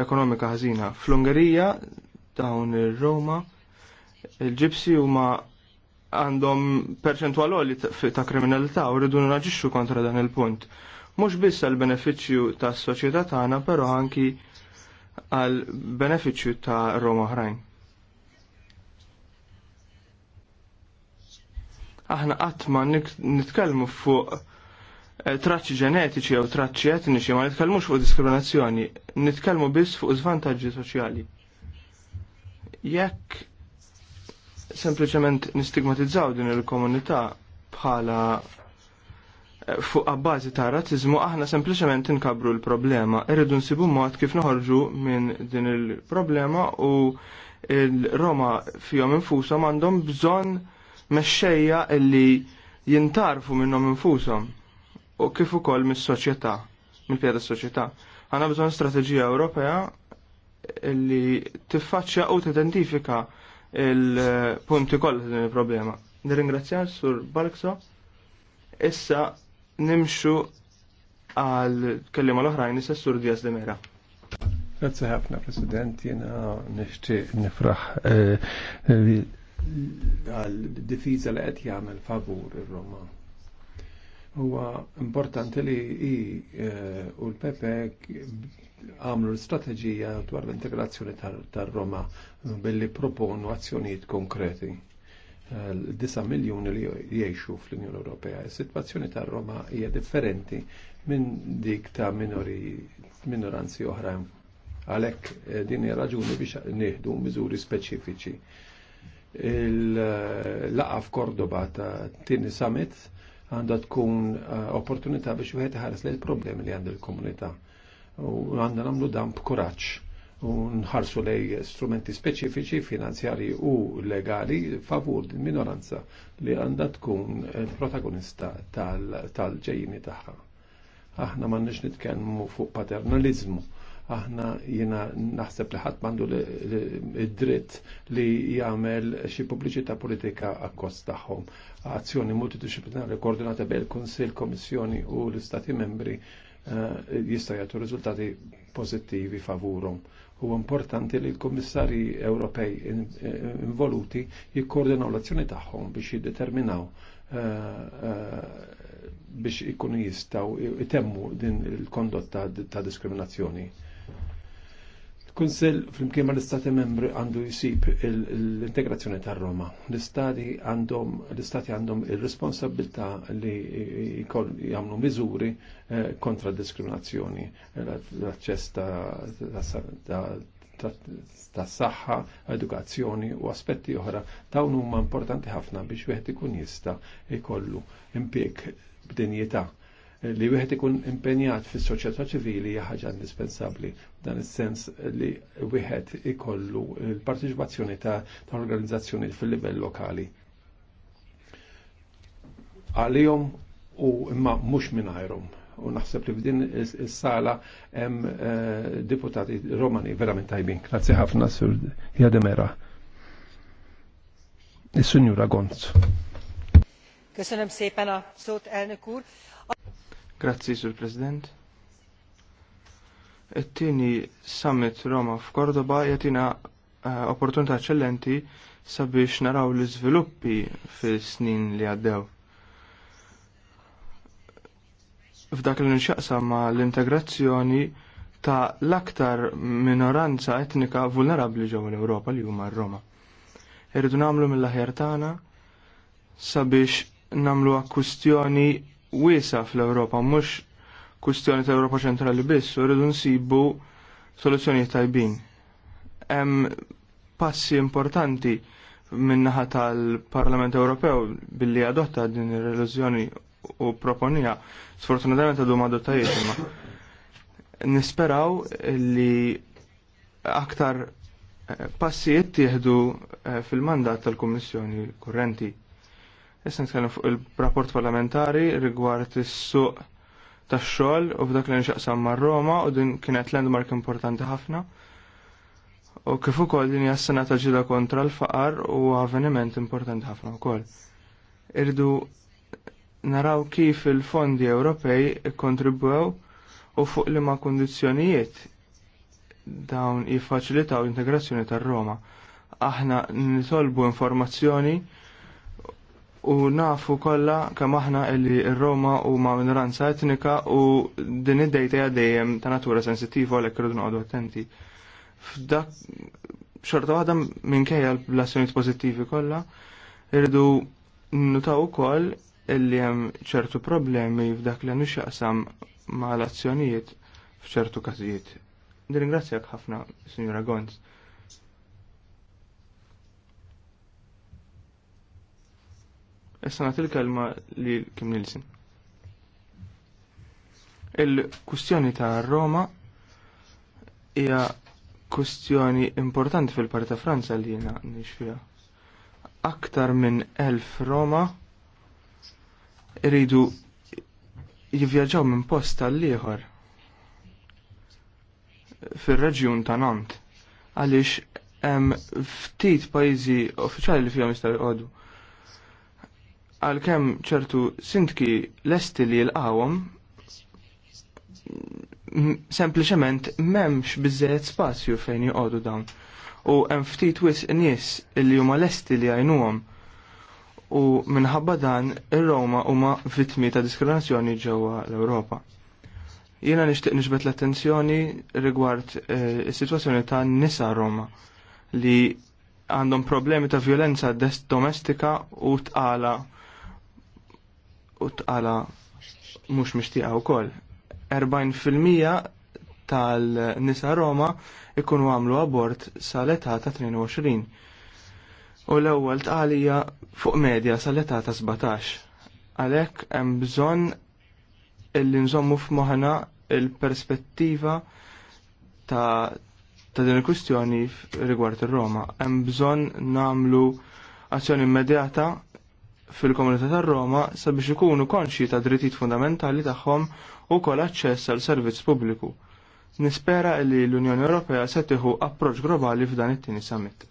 ekonomika ħażina. Fl-Ungerija dawn ir-Roma il-ġipsi huma għandhom perċentwal li ta' kriminalità u rridu naġixxu kontra dan il-punt. Mhux biss għal benefiċċju tas-soċjetà tagħna, però anki għal benefiċċju ta' Roma oħrajn. Aħna qatt ma nitkellmu fuq eh, traċċi ġenetiċi jew traċċi etniċi ma nitkellmux fuq diskriminazzjoni, nitkellmu biss fuq żvantaġġi soċjali. Jekk sempliċement nistigmatizzaw din il-komunità bħala eh, fuq abbażi ta' razzizmu aħna sempliċement inkabru l-problema. Irridu nsibu mod kif noħorġu minn din il-problema u il-Roma fihom infushom għandhom bżonn mexxejja illi jintarfu minnhom infushom u kif ukoll mis-soċjetà, mill-pjeda soċjetà. Għandna bżonn strateġija Ewropea illi tiffaċċja u tidentifika identifika il-punti koll din il-problema. Nirringrazzjar sur Barkso. Issa nimxu għal kellima l-oħrajn issa sur Dias de Mera. Grazie ħafna President, jena nixtieq nifraħ eh, għal difiza li qed jgħamil favur il roma Huwa importanti li i eh, u l-Pepe għamlu l-strategija dwar l-integrazzjoni tar-Roma billi proponu azzjonijiet konkreti. Eh, disa miljoni li jiexu fl-Unjoni Ewropea. Is-sitwazzjoni tar-Roma hija differenti minn dik ta' minoranzi oħrajn. Għalhekk eh, din hija raġuni biex nieħdu miżuri speċifiċi. Il-laqa eh, f'Kordoba ta' tieni summit għandha tkun opportunità biex wieħed ħares lejn il-problemi li għandu l-komunità u għanna nagħmlu dan b'kuraġġ u nħarsu lej strumenti speċifiċi finanzjari u legali favur din minoranza li għandha tkun protagonista tal-ġejjini tagħha. Aħna m'għandniex nitkellmu fuq paternalizmu aħna jina naħseb li ħadd mandu id-dritt li jagħmel xi pubbliċità politika akkost tagħhom. Azzjoni multidisciplinari koordinata bejn il-Kunsill, Kommissjoni u l-Istati membri Eh, jistajatu jagħtu riżultati pożittivi favurhom. U importanti li l-Kummissarji Ewropej eh, involuti jikkoordinaw l-azzjoni tagħhom biex jiddeterminaw eh, biex ikunu jistaw itemmu din il-kondotta ta' diskriminazzjoni. Kunsill flimkien mal istati membri għandu jisib l-integrazzjoni tar Roma. L-istati għandhom l-istati għandhom il-responsabilità li jgħamlu miżuri eh, kontra diskriminazzjoni, l-aċċess ta' saħħa, edukazzjoni u aspetti oħra dawn huma importanti ħafna biex wieħed ikun jista' jkollu impjeg b'dinjità li wieħed ikun impenjat fis-soċjetà ċivili hija ħaġa indispensabbli dan is-sens li wieħed ikollu l-partiċipazzjoni ta' ta' organizzazzjoni fil-livell lokali. Għalihom u imma mhux mingħajrhom u naħseb li f'din is-sala hemm eh, deputati Romani verament tajbin. Grazzi ħafna sur Jademera. Is-Sinjura Gonz. Köszönöm szépen a szót, elnök úr. Grazzi, Sur President. It-tieni summit Roma f'Kordoba jatina eh, opportunità eccellenti sabiex naraw l iżviluppi fis-snin li għaddew. F'dak li nxaqsam ma l-integrazzjoni ta' l-aktar minoranza etnika vulnerabli ġew l-Ewropa li huma r-Roma. Irridu nagħmlu mill-aħjar tagħna sabiex nagħmluha kwistjoni wiesa fl-Ewropa, mhux kwistjoni ta' Ewropa ċentrali biss, u rridu nsibu soluzzjoni tajbin. Hemm passi importanti min-naħa tal-Parlament Ewropew billi adotta din ir-reluzzjoni u proponija, sfortunatament għadu ma adottajiet imma. Nisperaw li aktar eh, passi jittieħdu eh, fil-mandat tal-Kummissjoni kurrenti. Issa nitkellem fuq il-rapport parlamentari rigward is-suq tax-xogħol u f'dak li nxaqsam ma' Roma u din kienet landmark importanti ħafna. U kif ukoll din hija s-sena ta' ġida kontra l-faqar u avveniment importanti ħafna wkoll. Irdu naraw kif il-fondi Ewropej kontribwew u fuq li ma' kundizzjonijiet dawn jiffaċilitaw l-integrazzjoni tar-Roma. Aħna nitolbu informazzjoni u nafu kollha kemm aħna li r-Roma huma minoranza etnika u din id-dejta dejjem ta' natura sensitiva għalhekk irridu noqogħdu attenti. F'dak xorta waħda minkejja l-azzjonijiet pożittivi kollha irridu nutaw ukoll illi hemm ċertu problemi f'dak li għannu xaqsam ma' l-azzjonijiet f'ċertu każijiet. Nirringrazzjak ħafna, Signora Gonz. Issa nagħti il-kelma li Kim Nilsen. Il-kustjoni ta' Roma hija kustjoni importanti fil-parti ta' Franza li jiena nix fiha. Aktar minn elf Roma iridu jivjaġaw minn post tal liħor fir-reġjun ta' Nant għaliex hemm ftit pajjiżi uffiċjali li fihom jistgħu jqogħdu għalkemm ċertu sintki lesti li l-qawom sempliciment memx bizzejet spazju fejn joqogħdu dawn. U hemm ftit wis nies li huma lesti li għajnuhom u minħabba dan ir-Roma huma vittmi ta' diskriminazzjoni ġewwa l-Ewropa. Jiena nixtieq nixbet l-attenzjoni rigward eh, is-sitwazzjoni ta' nisa Roma li għandhom problemi ta' violenza domestika u tqala u tqala mhux mixtieqa wkoll. 40% tal-nisa Roma ikunu għamlu abort sal-età ta' 22. U l-ewwel tqalija fuq medja sal-età ta' 17. Għalhekk hemm bżonn illi nżommu f'moħħna il-perspettiva ta' ta' din il kwistjoni rigward ir-Roma. Hemm bżonn nagħmlu azzjoni immedjata fil-komunità tar Roma sabiex ikunu konxji ta' drittijiet fundamentali tagħhom u kol aċċess għal servizz pubbliku. Nispera li l-Unjoni Ewropea se tieħu approċċ globali f'dan it-tieni summit.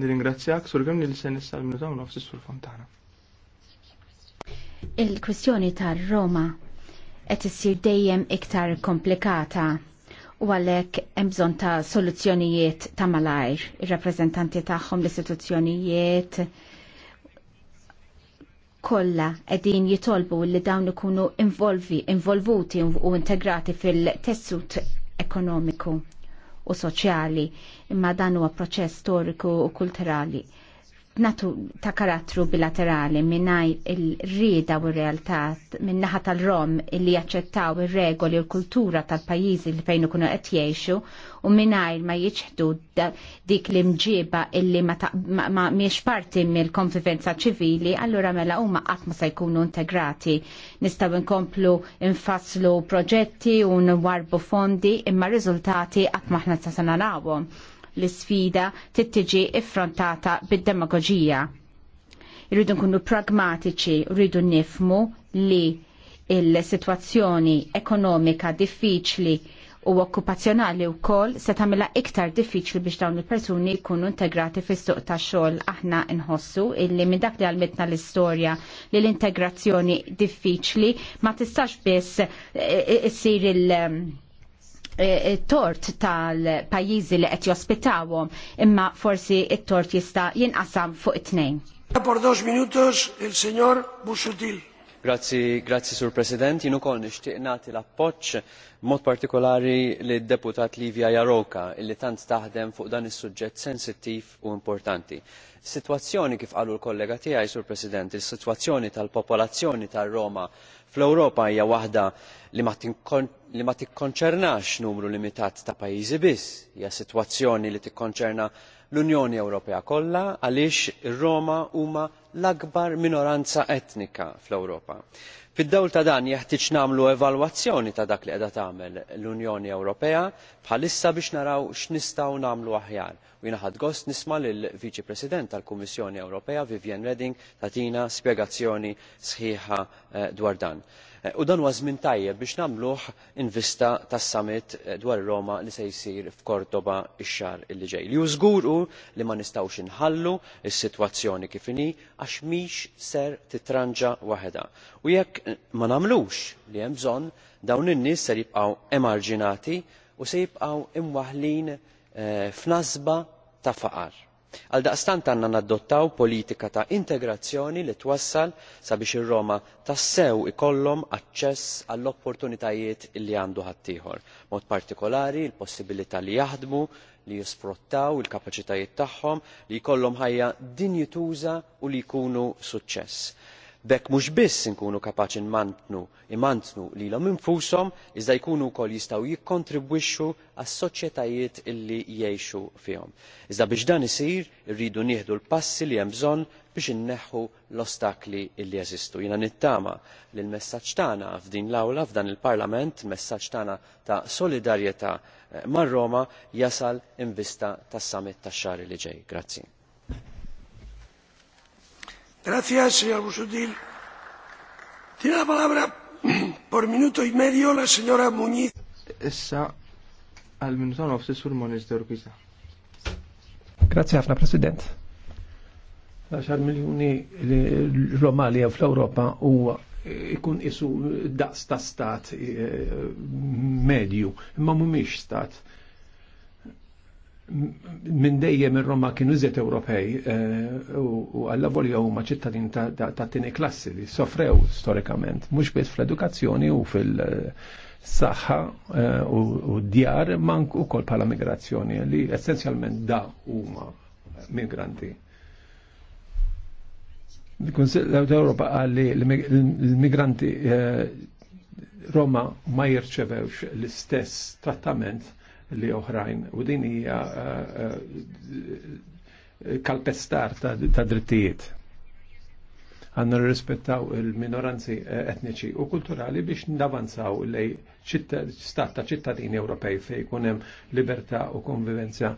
Nirringrazzjak sur kemm li se nista' minuta u nofsi sur Fontana. Il-kwistjoni tar Roma qed issir dejjem iktar komplikata u għalhekk hemm bżonn ta' soluzzjonijiet ta' malajr, ir-rappreżentanti tagħhom l-istituzzjonijiet, Kolla qegħdin jitolbu li dawn ikunu involvi, involvuti u integrati fil-tessut ekonomiku u soċjali imma dan huwa proċess storiku u kulturali natu ta' karattru bilaterali minnaj il-rida u realtà minnaħa tal-Rom li jaċċettaw il-regoli u l-kultura tal-pajizi li fejn ikunu qed jgħixu u minnaj ma jiġħdu dik l-imġiba illi ma, ma, miex parti mill-konvivenza ċivili, allura mela huma qatt ma se jkunu integrati. Nistgħu nkomplu infasslu proġetti u nwarbu fondi imma riżultati qatt ma aħna se narawhom l-sfida tittiġi iffrontata bid-demagogija. Rridu nkunu pragmatiċi, rridu nifmu li il-situazzjoni ekonomika diffiċli u okkupazzjonali u kol se tamila iktar diffiċli biex dawn il-persuni jkunu integrati fis suq ta' xogħol aħna nħossu illi minn dak li għalmetna l-istorja li l-integrazzjoni diffiċli ma tistax biss eh, eh, issir il- E, e, tort tal pajizi li qed jospitawhom, imma forsi t tort jista' jinqasam fuq it-tnejn. Por dos minutos il-Senjor Busutil. Grazzi, grazzi Sur President, jien ukoll nixtieq nagħti l-appoġġ mod partikolari lid-deputat Livia Jaroka illi tant taħdem fuq dan is-suġġett sensittiv u importanti. sitwazzjoni kif qalu l-kollega tiegħi Sur President, is-sitwazzjoni tal-popolazzjoni tar-Roma fl-Ewropa hija waħda li ma tikkonċernax numru limitat ta' pajjiżi biss, hija sitwazzjoni li tikkonċerna l-Unjoni Ewropea kollha għaliex ir-Roma huma l-akbar minoranza etnika fl-Ewropa. Fid-dawl ta' dan jeħtieġ nagħmlu evalwazzjoni ta' dak li qiegħda tagħmel l-Unjoni Ewropea bħalissa biex naraw x'nistgħu nagħmlu aħjar. U jiena ħadd gost nisma' lill-Viċi President tal-Kummissjoni Ewropea Vivien Reding tagħtina spjegazzjoni sħiħa eh, dwar dan. Eh, u dan huwa żmien tajjeb biex nagħmluh in-vista tas-summit eh, dwar roma li se jsir f'kordoba x-xahar li ġej li hu żgur hu li ma nistgħux inħallu s-sitwazzjoni kif inhi għax mhix ser titranġa waħedha u jekk eh, ma nagħmlux li hemm bżonn dawn in-nies ser jibqgħu emarġinati u se jibqgħu imwaħħlin f'nasba ta' faqar għaldaqstant għandna nadottaw politika ta' integrazzjoni li twassal sabiex ir roma tassew ikollhom aċċess għall opportunitajiet li għandu ħaddieħor b'mod partikolari l-possibilità li jaħdmu li jisfruttaw il kapaċitajiet tagħhom li jkollhom ħajja dinjituża u li jkunu suċċess b'hekk mhux biss inkunu kapaċi imantnu lilhom infushom iżda jkunu wkoll jistgħu jikkontribwixxu għas-soċjetajiet illi jgħixu fihom. Iżda biex dan isir irridu nieħdu l-passi li hemm bżonn biex inneħħu l-ostakli illi jeżistu. Jiena nittama li l-messaġġ tagħna f'din l-awla f'dan il-Parlament, messaġġ tagħna ta' solidarjetà eh, mar Roma jasal in vista tas-summit tax-xahar li ġej. Grazzi. Grazie signor Busudil. Tiene la palabra por minuto y medio la signora Muñiz. Issa, al minuto nof, sur Moniz de Urquiza. Grazie, Afna, President. 10 miljoni Romali fl-Europa huwa eh, ikun isu daqs ta' stat eh, medju, imma mhumiex stat minn dejjem ir-Roma kienu iżjed Ewropej eh, u għalla volja huma ċittadin ta' tieni klassi li sofrew storikament, mhux biss fl-edukazzjoni u fil-saħħa eh, u d-djar mank ukoll bħala migrazzjoni li essenzjalment da huma migranti. Il-Kunsill Ewropa qal li l-migranti eh, Roma ma jirċevewx l-istess trattament li oħrajn. U din hija eh, eh, kalpestar ta' drittijiet. Għanna rispettaw il-minoranzi eh, etniċi u kulturali biex ndavanzaw lej stat ta' ċittadini Ewropej fej kunem libertà u konvivenza.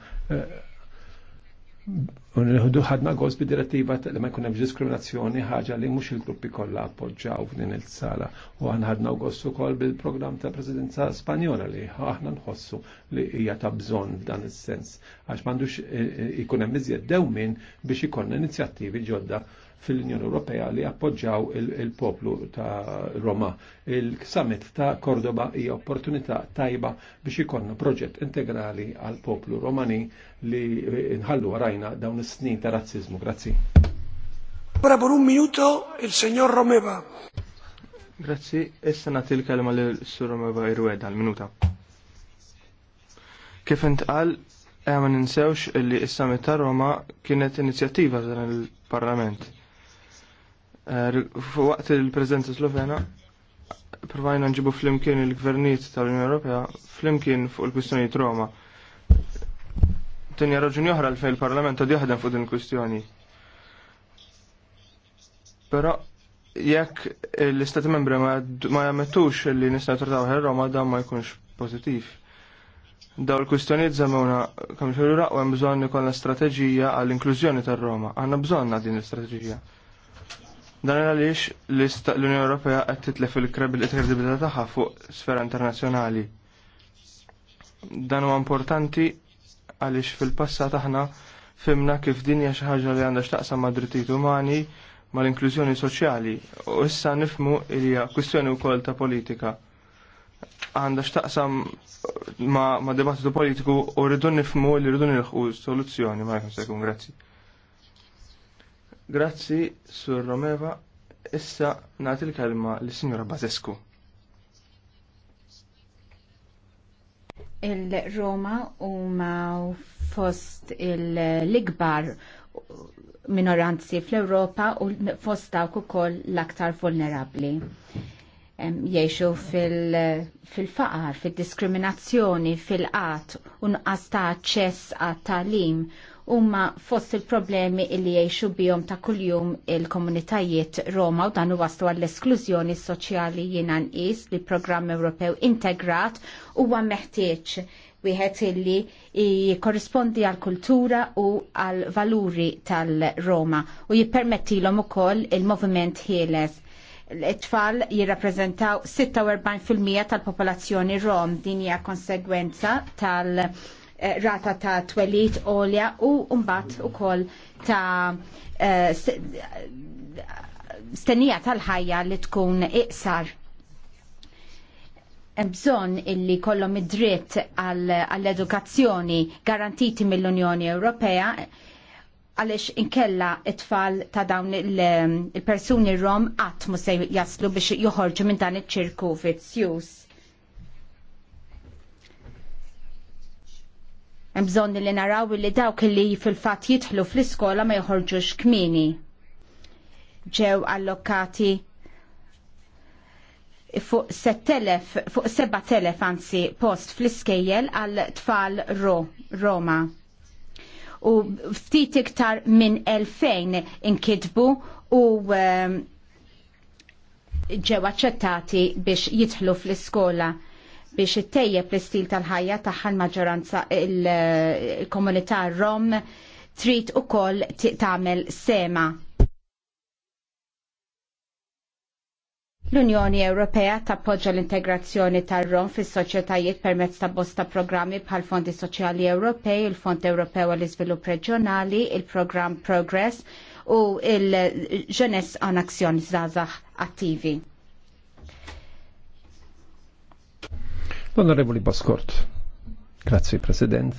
Unħdu ħadna għos bid-direttiva li ma jkunem diskriminazzjoni ħaġa li mux il-gruppi kollha appoġġaw f'din il-sala. U għanħadna ħadna u koll bil-programm ta' Presidenza Spanjola li aħna nħossu li hija ta' bżonn f'dan is-sens. Għax m'għandux jkunem eh, eh, iżjed dewmin biex ikollna inizjattivi ġodda fil-Unjoni Ewropea li appoġġaw il-poplu il ta' Roma. Il-summit ta' Cordoba hija opportunità tajba biex ikonna proġett integrali għal poplu Romani li nħallu għarajna dawn is-snin ta' razzizmu. Grazzi. Ora por un minuto il signor Romeva. Grazzi, issa nagħti l-kelma lil sur Romeva Irweda l-minuta. Kif intqal, eh, ma ninsewx li is-summit ta' Roma kienet inizjattiva dan il-Parlament Waqt er, il-prezenza slovena, provajna nġibu flimkien il-gvernijiet tal-Unjoni Ewropea flimkien fuq il-kwistjoni Roma. Tenja raġuni oħra l fejn il-Parlament għad jaħdem fuq din il-kwistjoni. Però jekk l-Istati membri ma jammettux li nisna trattaw Roma dan ma jkunx pożittiv. Daw il-kwistjonijiet zamuna, kemm xogħol raqwa hemm bżonn ikollna strateġija għall-inklużjoni tar-Roma. Għanna bżonna din l strategija Dan għaliex l-Unjoni Ewropea qed titlef il-kredibilità tagħha fuq sfera internazzjonali. Dan huwa importanti għaliex fil-passat aħna fimna kif din hija xi ħaġa li għandha x'taqsam ma' drittijiet umani mal-inklużjoni soċjali u issa nifmu li hija kwistjoni wkoll ta' politika għandha x'taqsam ma, ma dibattitu politiku u rridu nifmu li rridu nilħu soluzzjoni ma jkun se jkun grazzi. Grazzi, Sur Romeva. Issa nagħti l-kelma l sinjora Bazescu. Il-Roma huma fost il-ikbar minoranzi fl-Europa u fost dawk ukoll l-aktar vulnerabbli jiexu fil-faqar, fil fil-diskriminazzjoni, fil-qat, un ta' ċess għat talim huma fost il-problemi li jgħixu bihom ta' kuljum il-komunitajiet Roma u dan waslu għall-esklużjoni soċjali jiena nqis li programm Ewropew integrat huwa meħtieġ wieħed illi jikorrispondi għal kultura u għal valuri tal-Roma u jippermettilhom ukoll il-moviment ħieles. L-tfal jirrappreżentaw 46% tal-popolazzjoni Rom din hija konsegwenza tal- Eh, rata ta' twelit olja u mbagħad ukoll ta' eh, stennija tal-ħajja li tkun iqsar bżon illi kollom id-dritt għall-edukazzjoni garantiti mill-Unjoni Ewropea għalix inkella it-tfal ta' dawn il-persuni rom għatmu se jaslu biex joħorġu minn dan iċ-ċirku vizzjuż Hemm li naraw li dawk li fil-fatt jidħlu fl-iskola ma joħorġux kmini. Ġew allokati fuq 7000 fuq 7000 anzi post fl-iskejjel għal tfal ro, Roma. U ftit iktar minn 2000 inkitbu u ehm, ġew aċċettati biex jidħlu fl-iskola biex ittejjeb l-istil tal-ħajja tagħha l-maġġoranza il-komunità Rom trid ukoll tagħmel sema. L-Unjoni Ewropea tappoġġa l-integrazzjoni tar-Rom fis-soċjetajiet permezz ta' bosta programmi bħal Fondi Soċjali Ewropej, il-Fond Ewropew għall iżvilupp Reġjonali, il-Programm Progress u il-Jeunesse en Action Zazax Attivi. L-Onorevoli Baskort. Grazie, President.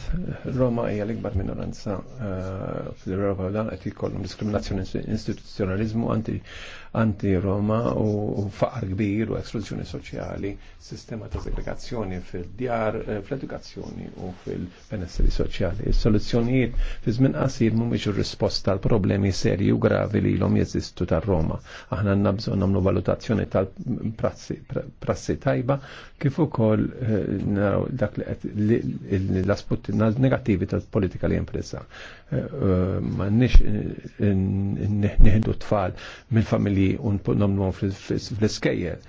Roma hija l-ikbar minoranza eh, fil-Europa dan qed jkollhom diskriminazzjoni istituzzjonalizmu anti anti-Roma u faqar kbir u eksklużjoni soċjali, sistema ta' segregazzjoni fil-djar, eh, fl-edukazzjoni u fil-benesseri soċjali. Is-soluzzjonijiet fi żmien qasir mhumiex risposta għal problemi serji u gravi li l-om jeżistu tar-Roma. Aħna għandna bżonn nagħmlu valutazzjoni tal-prassi tajba kif ukoll eh, dak l-asputti negativi tal-politika li impressa ma nix neħdu tfal mill-familji un nomnum fl-iskejjer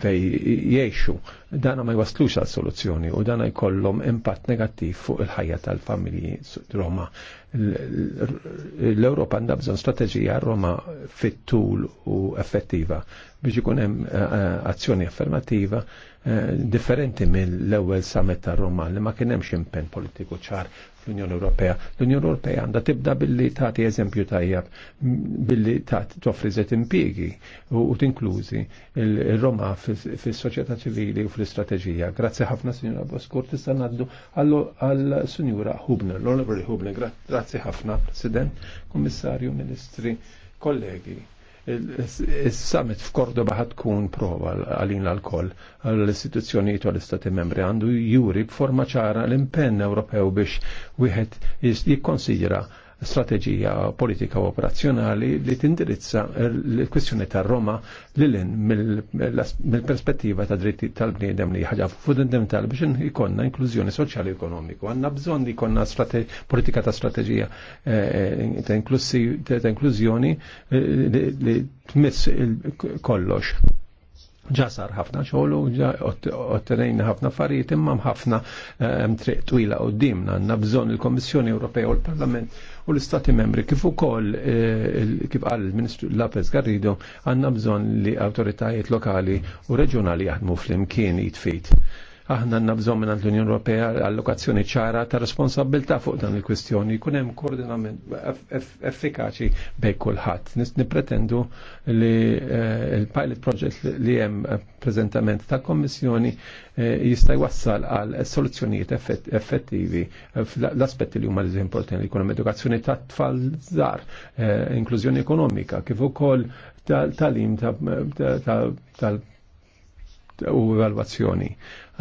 bej eh, jiexu, dana ma jwaslux għal soluzzjoni u dana jkollhom impatt negattiv fuq il-ħajja tal-familji Roma. L-Europa għandha bżonn strateġija Roma fit-tul u effettiva biex ikun hemm eh, azzjoni affermativa eh, differenti mill-ewwel summit ta' Roma li ma kien hemmx impenn politiku ċar l-Unjoni Ewropea. L-Unjoni Ewropea għandha tibda billi tagħti eżempju tajjeb, billi toffri żed impjiegi u tinklużi il-Roma fis-soċjetà ċivili u fl-istrateġija. Grazzi ħafna Sinjura Boskur tista' ngħaddu għall-Sinjura Hubner, l-Honorable Hubner. Grazzi ħafna, President, Kummissarju, Ministri, kollegi il-summit f'Kordoba ħad tkun prova għalin l-alkoll l-istituzzjonijiet u l-istati membri għandu juri b'forma ċara l-impenn Ewropew biex wieħed jikkonsidra strateġija politika u operazzjonali li tindirizza l-kwestjoni ta' Roma li l-in mill-perspettiva ta' dritti tal-bniedem li ħagħa fundamentali biex ikonna inklużjoni soċjali u ekonomiku. Għanna bżon li ikonna politika ta' strateġija eh, ta' inklużjoni eh, li tmiss kollox ġasar ħafna xoħlu, u ħafna affarijiet imma ħafna eh, triq twila dimna, għandna bżonn il-Kommissjoni Ewropea u l-Parlament u l-Istati Membri kif ukoll eh, kif għal il-Ministru Lapez Garrido għandna bżonn li awtoritajiet lokali u reġjonali jaħdmu flimkien jitfit aħna għandna bżonn minn l-Unjoni Ewropea allokazzjoni ċara ta' responsabilità fuq dan il-kwistjoni, jkun hemm koordinament effikaċi bejn kulħadd. Nipretendu li eh, il-pilot project li hemm preżentament ta' kommissjoni eh, jista' jwassal għal soluzzjonijiet effettivi eh, l-aspetti li huma importanti li jkun hemm edukazzjoni ta' tfal żgħar, inklużjoni ekonomika, kif ukoll tal-talim tal u evalwazzjoni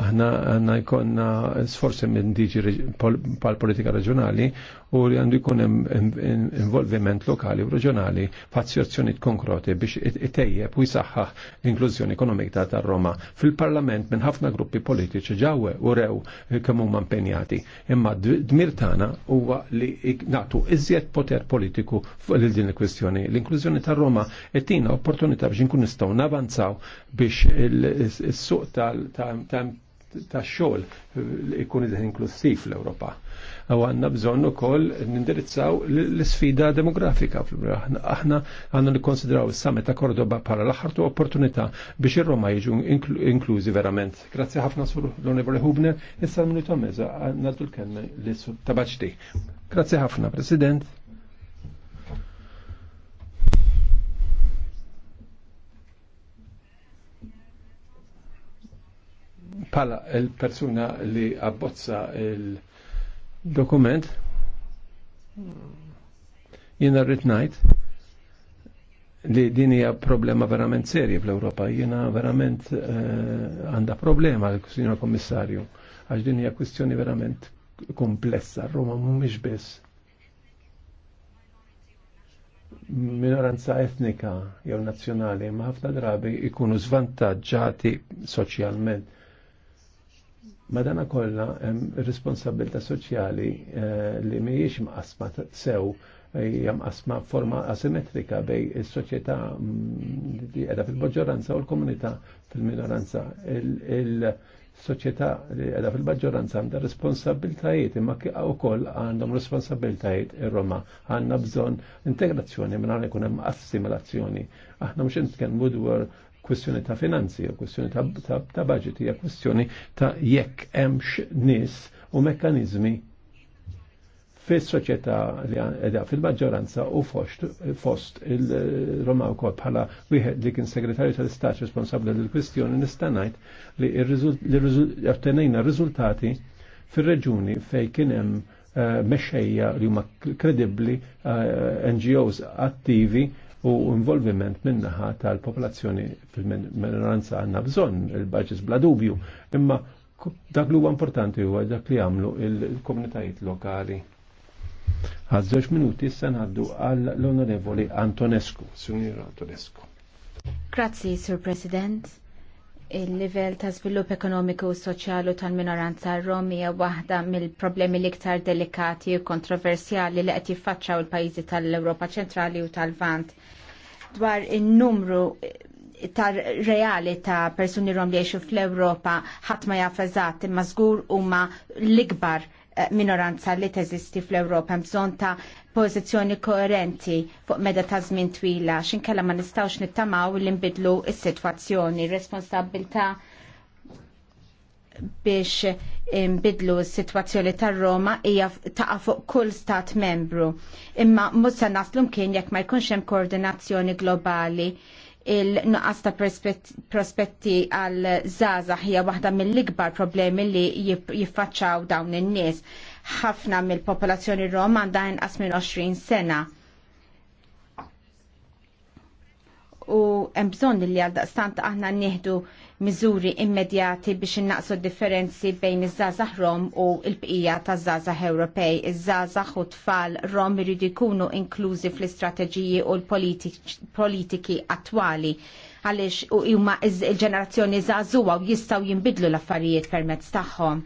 aħna għanna jkonna sforzi minn diġi pal-politika reġjonali u li għandu jkun involviment lokali u reġjonali f'azzjazzjonijiet konkreti biex itejjeb u jisaħħaħ l-inklużjoni ekonomika ta' Roma. Fil-Parlament minn ħafna gruppi politiċi ġawwe u rew kemm huma impenjati. Imma dmir tagħna huwa li nagħtu iżjed poter politiku lil din il-kwestjoni. L-inklużjoni ta' Roma qed tina opportunità biex nkun nistgħu navanzaw biex il-suq ta' xogħol ikun iżgħet inklusiv l-Ewropa u għanna bżonn ukoll nindirizzaw l-sfida demografika. Aħna għanna nikkonsidraw is-summit ta' Kordoba bħala l-aħħar opportunità biex il roma jiġu inklużi verament. Grazzi ħafna sur l onibri Hubner, issa minuta meza nagħtu l-kelma lis tabaċti. Grazzi ħafna, President. pala il-persuna li abbozza il- dokument jiena rritnajt ngħid li din hija problema verament serji fl-Ewropa. Jiena verament eh, għandha problema l-Sinjor Kommissarju għax din hija kwistjoni verament komplessa. Roma mhumiex biss minoranza etnika jew nazzjonali ma ħafna drabi ikunu zvantaġġati soċjalment Madana kollha hemm responsabilità soċjali eh, li mhijiex mqasma sew hija eh, maqasma forma asimetrika bej is-soċjetà mm, li qiegħda fil-maġġoranza u l-komunità fil-minoranza. Il-soċjetà li qiegħda fil-maġġoranza għandha responsabiltajiet imma wkoll għandhom responsabiltajiet ir-Roma. Għandna bżonn integrazzjoni minn ikun hemm assimilazzjoni. Aħna mhux nitkellmu dwar kwestjoni ta' finanzi, hija kwestjoni ta', ta, ta budget, hija kwestjoni ta' jekk hemmx nies u mekkaniżmi fis-soċjetà li għedha fil-maġġoranza u fost, fost il-Roma wkoll bħala wieħed li kien segretarju tal-Istat responsabbli lill kwistjoni nista' ngħid li ottenejna riżultati fir-reġuni fejn kien hemm eh, mexxejja li huma kredibbli eh, NGOs attivi u involviment minnaħa tal-popolazzjoni fil-minoranza għanna bżon il baġis bla dubju, imma dak li huwa importanti huwa dak li għamlu il-komunitajiet lokali. Għazzoġ minuti issa ngħaddu għall onorevoli Antonescu, Sunir Antonescu. Grazzi, Sur President il-livell ta' svilup ekonomiku u soċjalu tal-minoranza Romi hija waħda mill-problemi l-iktar delikati u kontroversjali li qed jiffaċċaw il-pajjiżi tal-Ewropa ċentrali u tal-Vant. Dwar in-numru tar reali ta' persuni rom li jgħixu fl-Ewropa ħadd ma jaf eżatt imma żgur huma l-ikbar eh, minoranza li teżisti fl-Ewropa bżonn ta' pożizzjoni koerenti fuq meda ta' żmien twila x'inkella ma nistgħux nittamaw li nbidlu s-sitwazzjoni, responsabilità biex nbidlu s-sitwazzjoni tar Roma hija taqa' fuq kull stat membru. Imma mhux se naslu mkien jekk ma jkunx hemm koordinazzjoni globali il-nuqqas ta' prospetti għal zaza hija waħda mill-ikbar problemi li jiffaċċaw dawn in-nies ħafna mill-popolazzjoni rom għandha inqas minn 20 sena. U hemm bżonn li għal daqstant aħna nieħdu miżuri immedjati biex innaqsu differenzi bejn iż-żgħażagħ Rom u l-bqija taż-żgħażagħ Ewropej. Iż-żgħażagħ u tfal Rom iridu jkunu inklużi fl-istrateġiji u l-politiki attwali għaliex huma il-ġenerazzjoni żagħżugħa u jistgħu jinbidlu l-affarijiet permezz tagħhom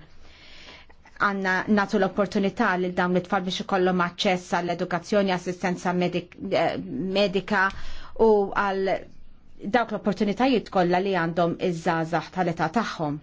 għanna natu l-opportunità li dawn it-tfal biex ikollhom aċċess għall-edukazzjoni, assistenza eh, medika u għal dawk l-opportunitajiet kollha li għandhom iż-żgħażagħ tal-età tagħhom.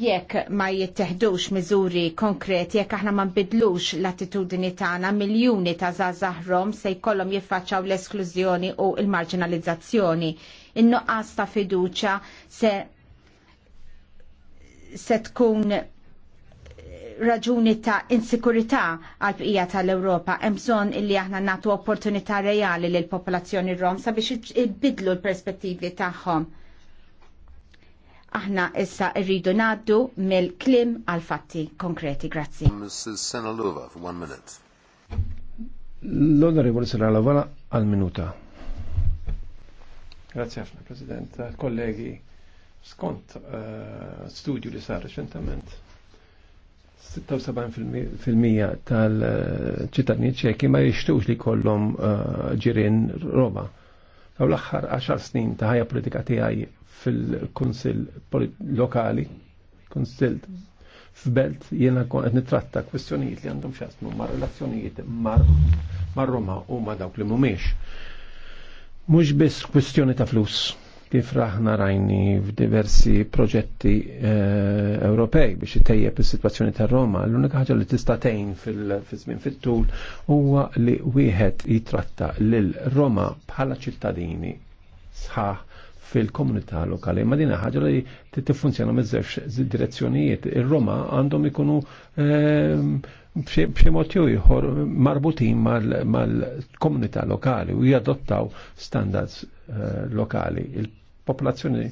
jekk ma jitteħdux miżuri konkreti, jekk aħna ma nbidlux l-attitudini tagħna, miljuni ta' żgħażagħ se jkollhom jiffaċċaw l-esklużjoni u l-marginalizzazzjoni in-nuqqas ta' fiduċa se se tkun raġuni ta' insikurità għal bqija tal-Ewropa, hemm bżonn illi aħna nagħtu opportunità reali lil popolazzjoni Rom sabiex ibidlu l-perspettivi tagħhom. Aħna issa rridu ngħaddu mill-klim għal fatti konkreti. Grazzi. Mrs. Senalova, for one minute. L-Onorevole Senalova għal minuta. Grazie ħafna, President. Kollegi, skont eh, studju li sar reċentament, 76% tal-ċittadini ċeki ma jixtux li kollom eh, ġirin roba. Għaw l-axħar 10 snin ta' ħajja politika tiegħi fil-Kunsil Lokali, Kunsil f'belt jiena qed nitratta kwestjonijiet li għandhom x'jasmu ma' relazzjonijiet mar Roma u ma' dawk li mhumiex mhux biss kwistjoni ta' flus kif raħna rajni f'diversi proġetti eh, Ewropej biex itejjeb is-sitwazzjoni ta' Roma, l-unika ħaġa li tista' tgħin fil-żmien fit-tul huwa li wieħed jitratta lil Roma bħala ċittadini sħaħ fil-komunità lokali. Ma dina ħaġa li tiffunzjona miż-żewġ direzzjonijiet. Ir-Roma għandhom ikunu eh, b'xi mod ieħor marbutin mal-komunità lokali u jadottaw standards eh, lokali. Il-popolazzjoni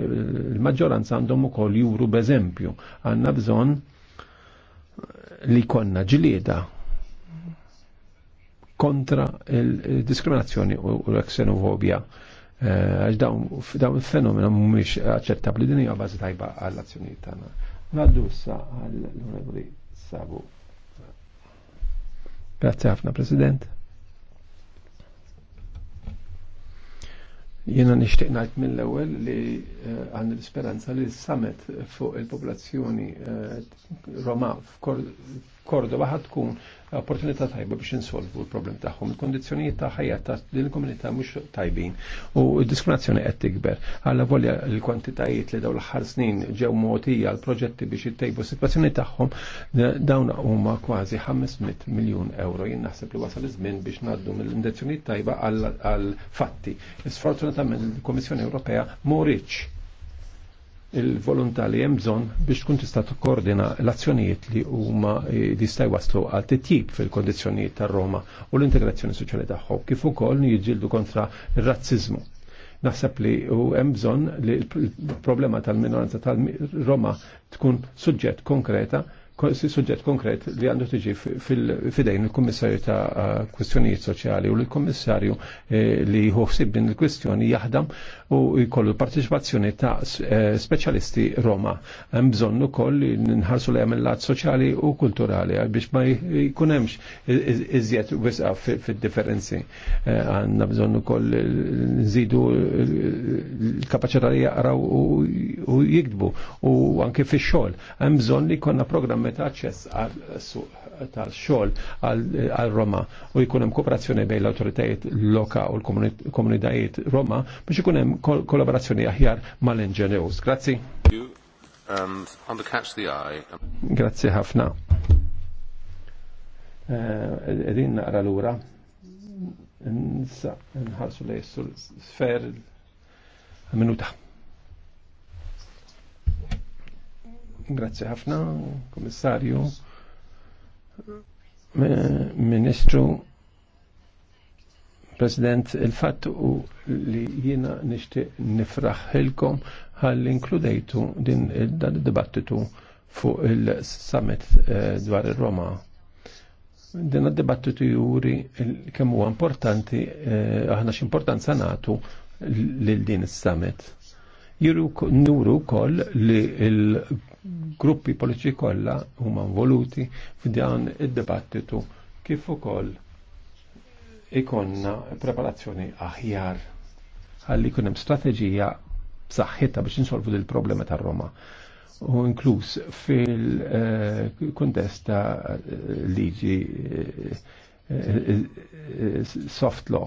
il-maġġoranza għandhom ukoll juru b'eżempju għandna bżonn eh, li konna ġlieda kontra il-diskriminazzjoni u l-ksenofobja. Eh, għax dawn il-fenomena mhumiex aċċettabbli din hija bażi tajba għall-azzjonijiet tagħna. Naddu issa għall-Onorevoli Sabu. Grazie ħafna, President. Jena nishtiq najt mill ewwel li eh, għan l-speranza li s-summit fuq il-popolazzjoni eh, Roma f'Kordoba ħatkun opportunità tajba biex insolvu l-problem tagħhom. Il-kondizzjonijiet ta' ħajja ta' din il-komunità mhux tajbin u d-diskriminazzjoni qed tikber. Alla volja l-kwantitajiet li dawn l-aħħar snin ġew mogħtija għal proġetti biex jittejbu s-sitwazzjoni tagħhom dawn huma kważi 500 miljun euro. Jien naħseb li wasal iż-żmien biex ngħaddu mill-indizzjonijiet tajba għal fatti. Sfortunatament il kummissjoni Ewropea moriċ il-volontà li hemm bżonn biex tkun tista' tkoordina l-azzjonijiet li huma eh, jista' jwaslu għal titjib fil-kondizzjonijiet tar-Roma u l-integrazzjoni soċjali tagħhom kif ukoll jiġġieldu kontra r-razziżmu. Naħseb li hemm bżonn li l-problema tal-minoranza tal-Roma tkun suġġett konkreta suġġett konkret li għandu tiġi fidejn il-Kummissarju ta' kwistjonijiet soċjali u l-Kummissarju eh, li jħossib din il-kwistjoni jaħdam u jkollu l-partiċipazzjoni ta' eh, speċjalisti Roma. Hemm bżonn ukoll nħarsu li hemm lat soċjali u kulturali biex ma jkun hemmx iżjed wisqa fid-differenzi. Eh, għandna bżonn ukoll nżidu l-kapaċità li jaqraw u jikdbu u anke fix-xogħol. Hemm bżonn li jkollna programmi meta ċess tal xol għal Roma u jkun hemm kooperazzjoni bejn l-awtoritajiet loka u l-komunitajiet Roma biex ikun hemm kollaborazzjoni aħjar mal-NGOs. Grazzi. Um, Grazzi ħafna. Eh, edin naqra l-ura. Nħarsu lej s-sfer minuta. Grazzi ħafna, komissarju, ministru, president, il fat u li jiena nishti nifraħilkom għall inkludejtu din il-dibattitu fuq il-summit eh, dwar il-Roma. Din il-dibattitu juri kemm huwa importanti, eh, aħna x'importanza nagħtu lil din is-summit Juru, nuru koll li gruppi politiċi kollha huma involuti f'dan id-dibattitu kif ukoll ikonna preparazzjoni aħjar ħalli jkun hemm strateġija b'saħħitha biex insolvu il problema tar Roma u inkluż fil kuntest ta' liġi eh, eh, eh, soft law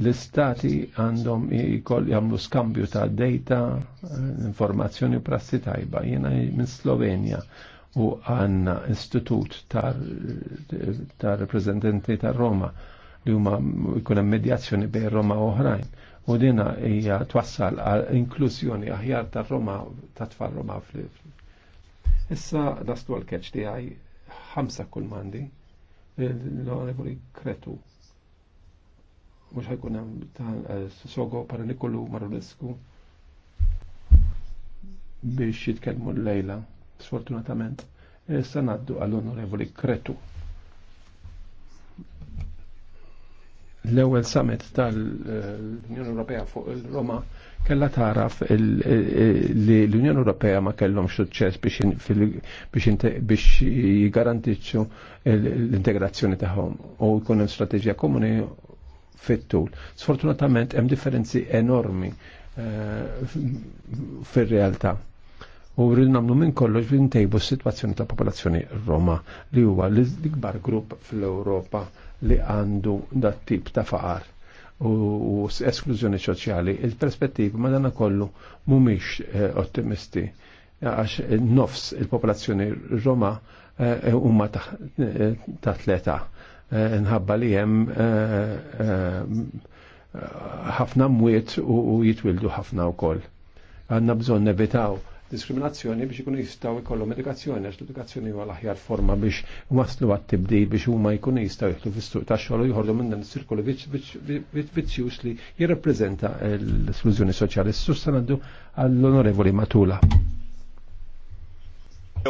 l-istati għandhom jkoll jagħmlu skambju ta' data, informazzjoni prassi tajba. Jiena minn Slovenja u għanna istitut ta' reprezentanti ta' Roma li huma jkun hemm medjazzjoni bejn Roma oħrajn. U dina hija twassal għal inklużjoni aħjar ta' Roma ta' tfal Roma fl Issa l-astwal keċ għaj ħamsa kull mandi l-onorevoli Kretu mux ħajkun hemm ta' Sogo Paranikolu Marulesku biex jitkellmu l-lejla, sfortunatament. Issa naddu għall-Onorevoli Kretu. L-ewwel summit tal-Unjoni Ewropea fuq il-Roma kella taraf li l-Unjoni Ewropea ma kellhom suċċess biex jigarantiċċu l-integrazzjoni tagħhom u jkun hemm strateġija komuni fit-tul. Sfortunatament hemm differenzi enormi eh, fir-realtà. U rridu nagħmlu minn kollox li ntejbu s-sitwazzjoni ta' popolazzjoni Roma li huwa l-ikbar grupp fl-Ewropa li għandu dat tip ta' faqar u esklużjoni soċjali. Il-perspettivi madana kollu mumiex eh, ottimisti għax nofs il-popolazzjoni Roma eh, huma ta' tleta Eh, nħabba li jem eh, eh, ħafna mwiet u jitwildu ħafna u koll. Għanna bżon nevitaw diskriminazzjoni biex ikunu jistaw ikollu medikazzjoni, għax l-edukazzjoni huwa l-aħjar forma biex waslu għat-tibdil biex huma jkunu jistaw jieħdu fis ta' tax-xogħol u jħordu minn dan is-sirkolu vizzjuż li jirrappreżenta l-esklużjoni soċjali. Sustanaddu għall-Onorevoli Matula.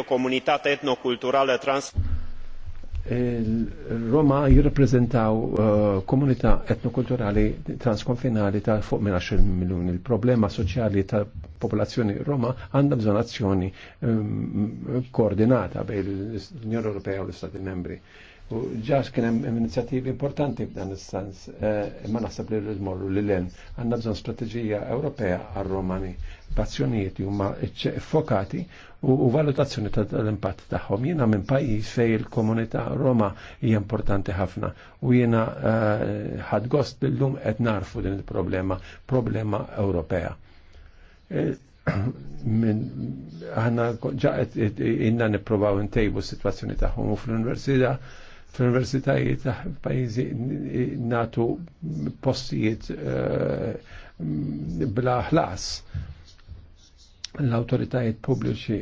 Komunitat etnokulturale trans Roma jirrepreżentaw uh, komunità etnokulturali transkonfinali ta' fuq minn 10 miljun. Il-problema soċjali ta' popolazzjoni Roma għandha bżonn azzjoni um, koordinata bejn l-Unjoni Ewropea u l-Istati Membri. U ġax kien hemm inizjattivi importanti f'dan is-sens, eh, imma naħseb li rrid morru lil hemm għandna bżonn strateġija Ewropea għar-Romani b'azzjonijiet huma fokati u valutazzjoni tal-impatt tagħhom. Jiena minn pajjiż fej il-komunità Roma hija importanti ħafna u jiena eh, ħad gost llum qed narfu din il-problema, problema Ewropea. Eh, aħna qed inna nippruvaw intejbu s-sitwazzjoni tagħhom u fl-università fl-universitajiet ta' pajjiżi natu postijiet eh, bla ħlas l-autoritajiet pubbliċi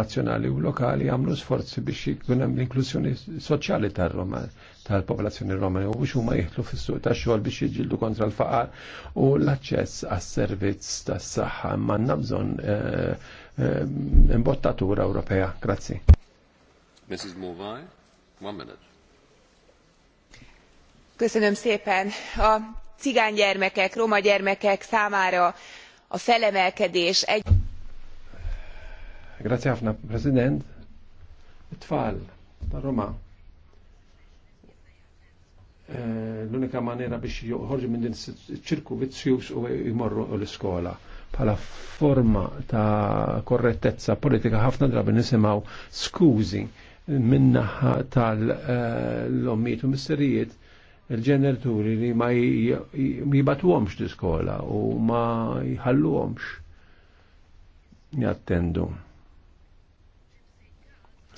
nazzjonali u lokali għamlu sforzi biex jkun hemm l-inklużjoni soċjali tar-Roma tal-popolazzjoni Romani u biex huma jieħlu fis-suq tax-xogħol biex jiġildu kontra l-faqar u l-aċċess għas-servizz tas-saħħa imma għandna bżonn eh, eh, imbottatura Ewropea. Grazzi. Mrs. Movai, one minute. Köszönöm szépen. A cigány gyermekek, roma gyermekek számára a felemelkedés egy Grazie ħafna, President. Tfal, ta' Roma. Eh, l-unika maniera biex joħorġu minn din ċirku vizzjus u jmorru l-iskola. Pala forma ta' korrettezza politika ħafna drabi nisimaw skużi minnaħa tal-ommiet u misserijiet il-ġeneraturi li ma għomx l-iskola u ma jħalluhomx jattendu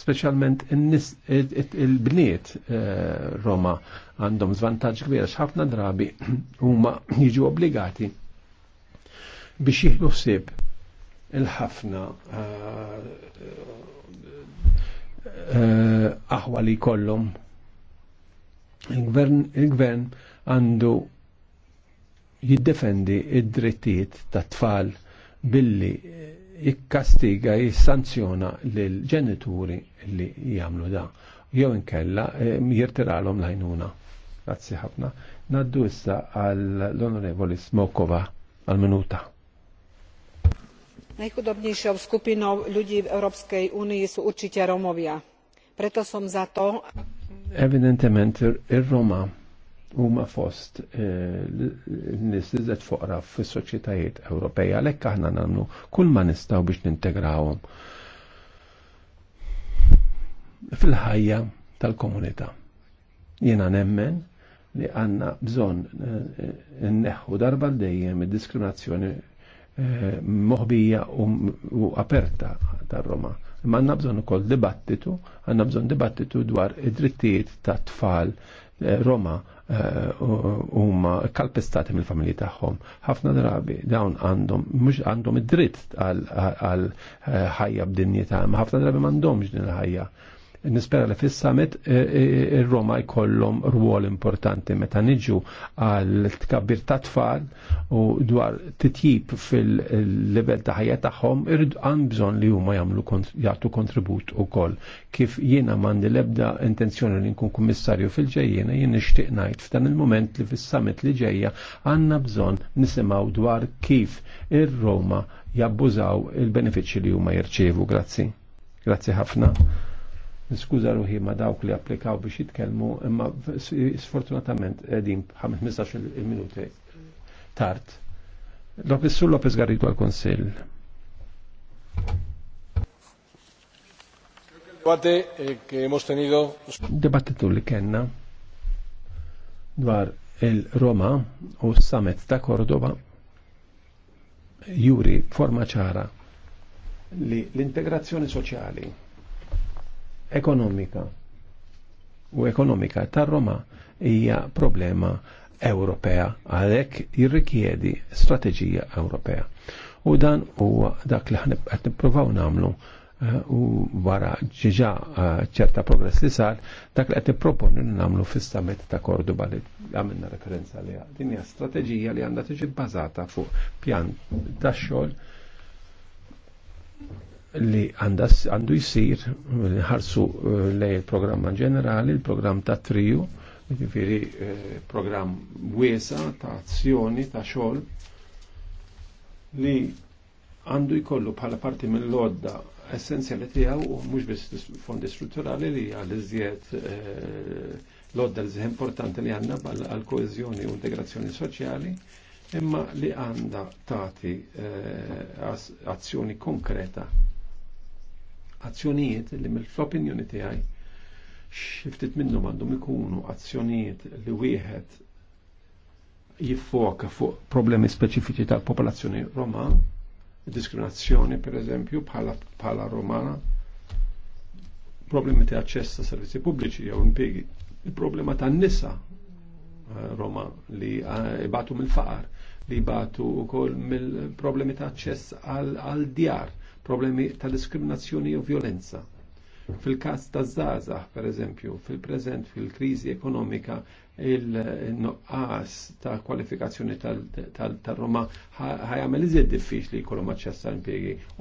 specialment il-bniet eh, Roma għandhom zvantaġġ kbir ħafna drabi huma jiġu obbligati biex jieħdu ħsieb il-ħafna eh, eh, aħwa li kollhom. Il-gvern għandu jiddefendi id-drittijiet tat-tfal billi jikkastiga, jissanzjona l ġenituri li jagħmlu da. Jew inkella eh, jirtiralom lajnuna. Grazie ħafna. Naddu issa għall-Onorevoli Smokova għal-minuta. Najchudobniejszą skupiną ludzi w Europejskiej Unii są určite Romowie. Preto som za to. Evidentement ir-Roma huma fost eh, nis li zed foqra fis-soċjetajiet Ewropeja għalhekk aħna nagħmlu kull ma nistgħu biex nintegrawhom fil-ħajja tal-komunità. Jiena nemmen li għanna bżon eh, neħu darba dejjem diskriminazzjoni eh, moħbija u aperta tar-Roma. Ma għanna bżon ukoll dibattitu, għanna bżon dibattitu dwar id-drittijiet tat tfal Roma Eh, huma kalpestati mill-familji tagħhom. Ħafna drabi dawn għandhom mhux għandhom id-dritt għal eh, ħajja b'dinjità, ma ħafna drabi m'għandhomx din il-ħajja nispera li fis-summit ir-Roma e, e, e, jkollhom rwol importanti meta niġu għal tkabbir ta' tfal u dwar titjib fil-livell ta' ħajja tagħhom irid għand bżonn li huma jagħmlu jagħtu kontribut ukoll. Kif jiena m'għandi l-ebda intenzjoni li nkun kummissarju fil ġejjina jien nixtieq ngħid f'dan il-moment li fis-summit li ġejja għandna bżonn nisimgħu dwar kif ir-Roma jabbużaw il-benefiċċji li huma jirċievu. Grazzi. Grazzi ħafna. Niskuża ruħi ma dawk li applikaw biex jitkelmu, imma sfortunatament edin 15 minuti tard. Lopez Sur Lopez Garrido għal konsil. Dibattitu eh, li kellna dwar il-Roma u s-Summit ta' Kordoba juri forma ċara li l-integrazzjoni soċjali ekonomika u ekonomika ta' roma hija problema Ewropea għalhekk jirrikjedi strateġija Ewropea. U dan huwa dak li qed nippruvaw nagħmlu eh, u wara ġiġa eh, ċerta progress li sar, dak li qed nipproponu nagħmlu fis-summit ta' Kordoba li għamilna referenza li din hija strateġija li għandha tiġi bbażata fuq pjan tax-xogħol li għandu jisir ħarsu eh, lej il-programma ġenerali, il-programm ta' triju, ġifiri eh, programm wiesa ta' azzjoni ta' xogħol li għandu jkollu bħala parti mill-lodda essenzjali tiegħu u mhux biss fondi strutturali li għal iżjed eh, lodda l importanti li għandna għal koeżjoni u integrazzjoni soċjali imma li għandha tagħti azzjoni konkreta azzjonijiet li mill-opinjoni tiegħi xiftit minnhom għandhom ikunu azzjonijiet li wieħed jiffoka fuq problemi speċifiċi tal-popolazzjoni Roman, diskriminazzjoni per eżempju bħala bħala Romana, problemi ta' aċċess ta' servizzi pubbliċi jew impjegi, il-problema ta' nisa eh, Roma li eh, ibatu mill-faqar, li ibatu u mill-problemi ta' aċċess għal djar problemi ta' diskriminazzjoni u violenza. Fil-kas ta' zazah, per eżempju, fil-prezent fil-krizi ekonomika, il-noqqas ta' kwalifikazzjoni tal-Roma ħajamel iżjed diffiċli kolom aċċess tal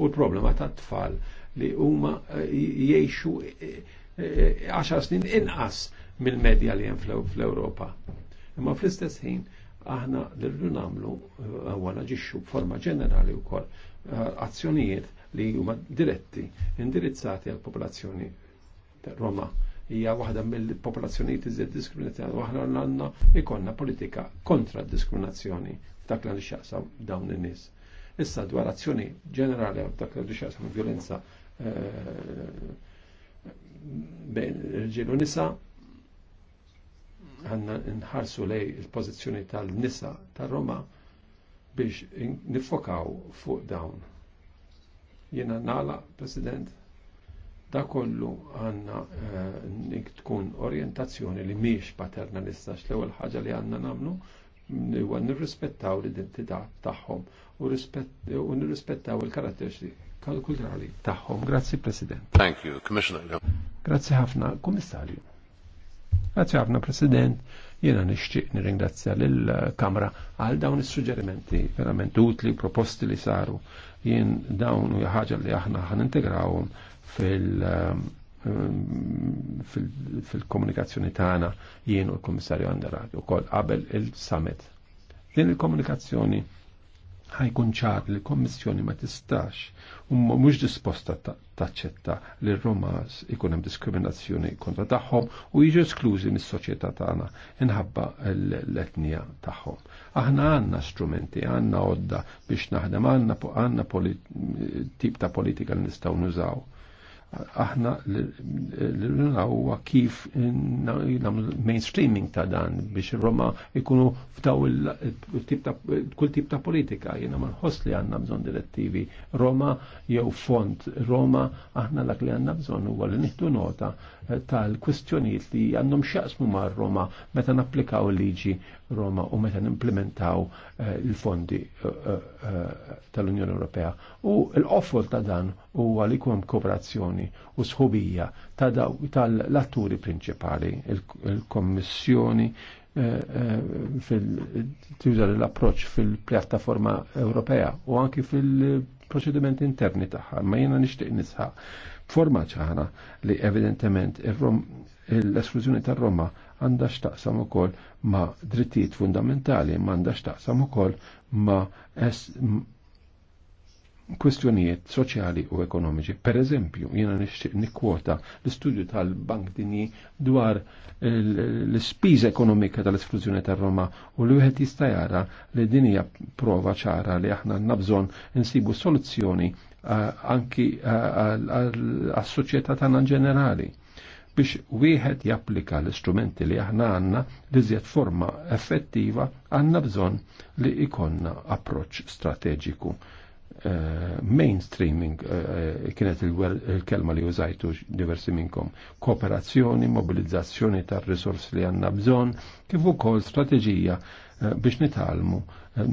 u l-problema ta' tfal li huma eh, jiexu 10 eh, eh, snin inqas mill-medja li hemm fl-Ewropa. Imma fl-istess ħin aħna l-rridu nagħmlu għana ġixxu b'forma ġenerali wkoll azzjonijiet li huma diretti, indirizzati għal popolazzjoni Roma. Hija waħda mill-popolazzjonijiet iżjed diskriminati waħda għandna ikonna politika kontra d diskriminazzjoni dak li xaqsaw dawn in-nies. Issa dwar azzjoni ġenerali għal dak li xaqsaw violenza eh, bejn irġiel u nisa għanna nħarsu lej il-pozizjoni tal-nisa tal-Roma biex nifokaw fuq dawn Jena nala, President, da kollu għanna uh, tkun orientazzjoni li miex paternalista l-ewwel ħaġa li għanna namlu huwa nirrispettaw l-identità tagħhom u nirrispettaw il-karatteristiċi kulturali tagħhom. Grazzi President. Thank you, Commissioner. Grazzi ħafna, Kummissarju. Grazzi ħafna President. Jiena nixtieq nirringrazzja lill-Kamra għal dawn is-suġġerimenti verament utli proposti li saru jien dawn u ħaġa li aħna ħan integrawhom um, fil- fil-komunikazzjoni tagħna jien u l-Kummissarju Andera wkoll qabel il-summit. Din il-komunikazzjoni ħajkun ċar li kommissjoni ma tistax u mhux disposta taċċetta li r-Romas ikun hemm diskriminazzjoni kontra tagħhom u jiġu esklużi mis-soċjetà tagħna inħabba l-etnija tagħhom. Aħna għandna strumenti, għandna għodda biex naħdem, għandna għandna tip ta' politika li nistgħu nużaw aħna l għawwa kif mainstreaming ta' dan biex Roma ikunu f'daw kull tip ta' politika jena ma nħoss li għanna bżon direttivi Roma jew font Roma aħna dak li għanna bżon u għal nota tal-kwistjonijiet li għandhom xaqsmu ma' Roma meta napplikaw liġi Roma u meta nimplementaw eh, il-fondi eh, eh, tal-Unjoni Ewropea. U l-offol ta' dan huwa li kooperazzjoni u sħubija tal-atturi prinċipali, il-Kommissjoni, tuża l-approċ fil-pjattaforma Ewropea u anki fil-proċedimenti interni tagħha, ma jiena nixtieq nisħaq forma ċara li evidentement l-esklużjoni tar-Roma għandha x'taqsam ukoll ma' drittijiet fundamentali, ma għandha x'taqsam ukoll ma' kwestjonijiet soċjali u ekonomiċi. Per eżempju, jena nixtieq nikkwota l-istudju tal-Bank Dini dwar l ispiż ekonomika tal-esklużjoni tar-Roma u l wieħed jista' jara li din hija prova ċara li aħna nabżon insibu soluzzjoni Eh, anki eh, għas-soċjetà tagħna ġenerali biex wieħed japplika l-istrumenti li aħna għanna li zjed forma effettiva għanna bżon li ikonna approċ strateġiku. Uh, mainstreaming uh, kienet il-kelma li użajtu diversi minnkom. Kooperazzjoni, mobilizzazzjoni tar risorsi li għanna bżon, kif ukoll strateġija uh, biex nitalmu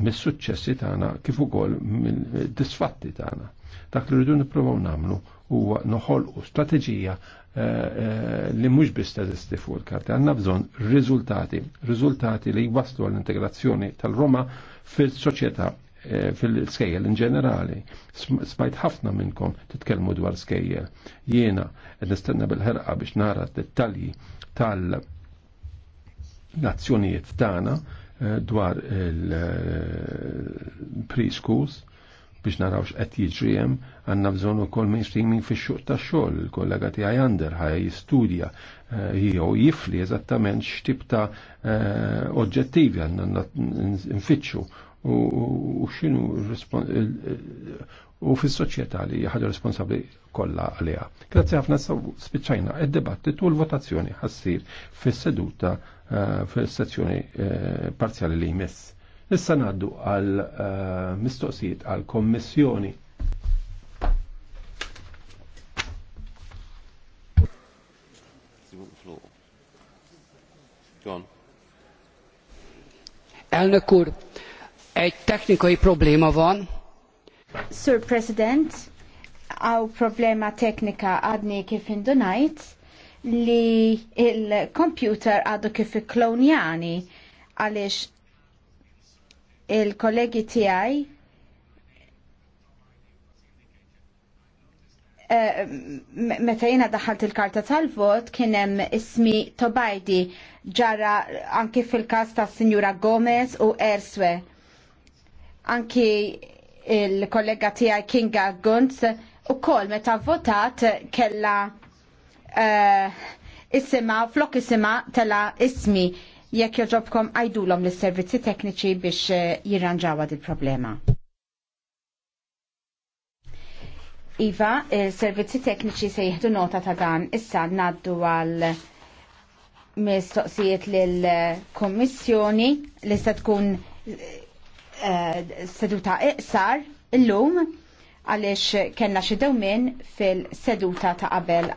mis-suċċessi tagħna kif ukoll mis-disfatti tagħna Dak li rridu nippruvaw nagħmlu huwa noħolqu strateġija eh, eh, li mhux biss teżisti fuq il-karti, għandna bżonn riżultati, riżultati li jwaslu għall-integrazzjoni tal-Roma fil-soċjetà eh, fil-skejjel in ġenerali. Smajt ħafna minnkom titkellmu dwar skejjel. Jiena qed nistenna bil-ħerqa biex nara dettalji tal-nazzjonijiet tagħna dwar il-preschools biex narawx qed jiġri hemm għandna bżonn ukoll mainstreaming fix-xuq tax-xogħol. Il-kollega tiegħi għander ħaj jistudja eh, jew jifli eżattament x'tip ta' eh, oġġettivi għandna nfittxu u x'inhu u fis-soċjetà li ħadu responsabbli kollha għaliha. Grazzi ħafna spiċċajna id dibattit u l-votazzjoni ħassir fis-seduta eh, fis-sezzjoni parzjali li jmiss. Issa naddu għal eh, mistoqsijiet għal kommissjoni. Elnök úr, egy technikai probléma van. Sir President, għaw problema teknika għadni kif indunajt li il-computer għadu kif klonjani għalix il-kollegi tiegħi eh, meta jiena daħalt il-karta tal-vot kien hemm ismi Tobajdi ġara anki fil każ tas-Sinjura Gomez u Erswe. Anki il-kollega tiegħi Kinga Gunz u meta votat kella uh, isima, flok isima tela ismi jekk joġobkom għajdulhom lis servizzi tekniċi biex eh, jirranġawad il problema Iva, servizzi tekniċi se jieħdu nota ta' dan issa naddu għal mistoqsijiet lill-Kommissjoni li se tkun eh, seduta iqsar illum għaliex kellna xi dewmien fil-seduta ta' qabel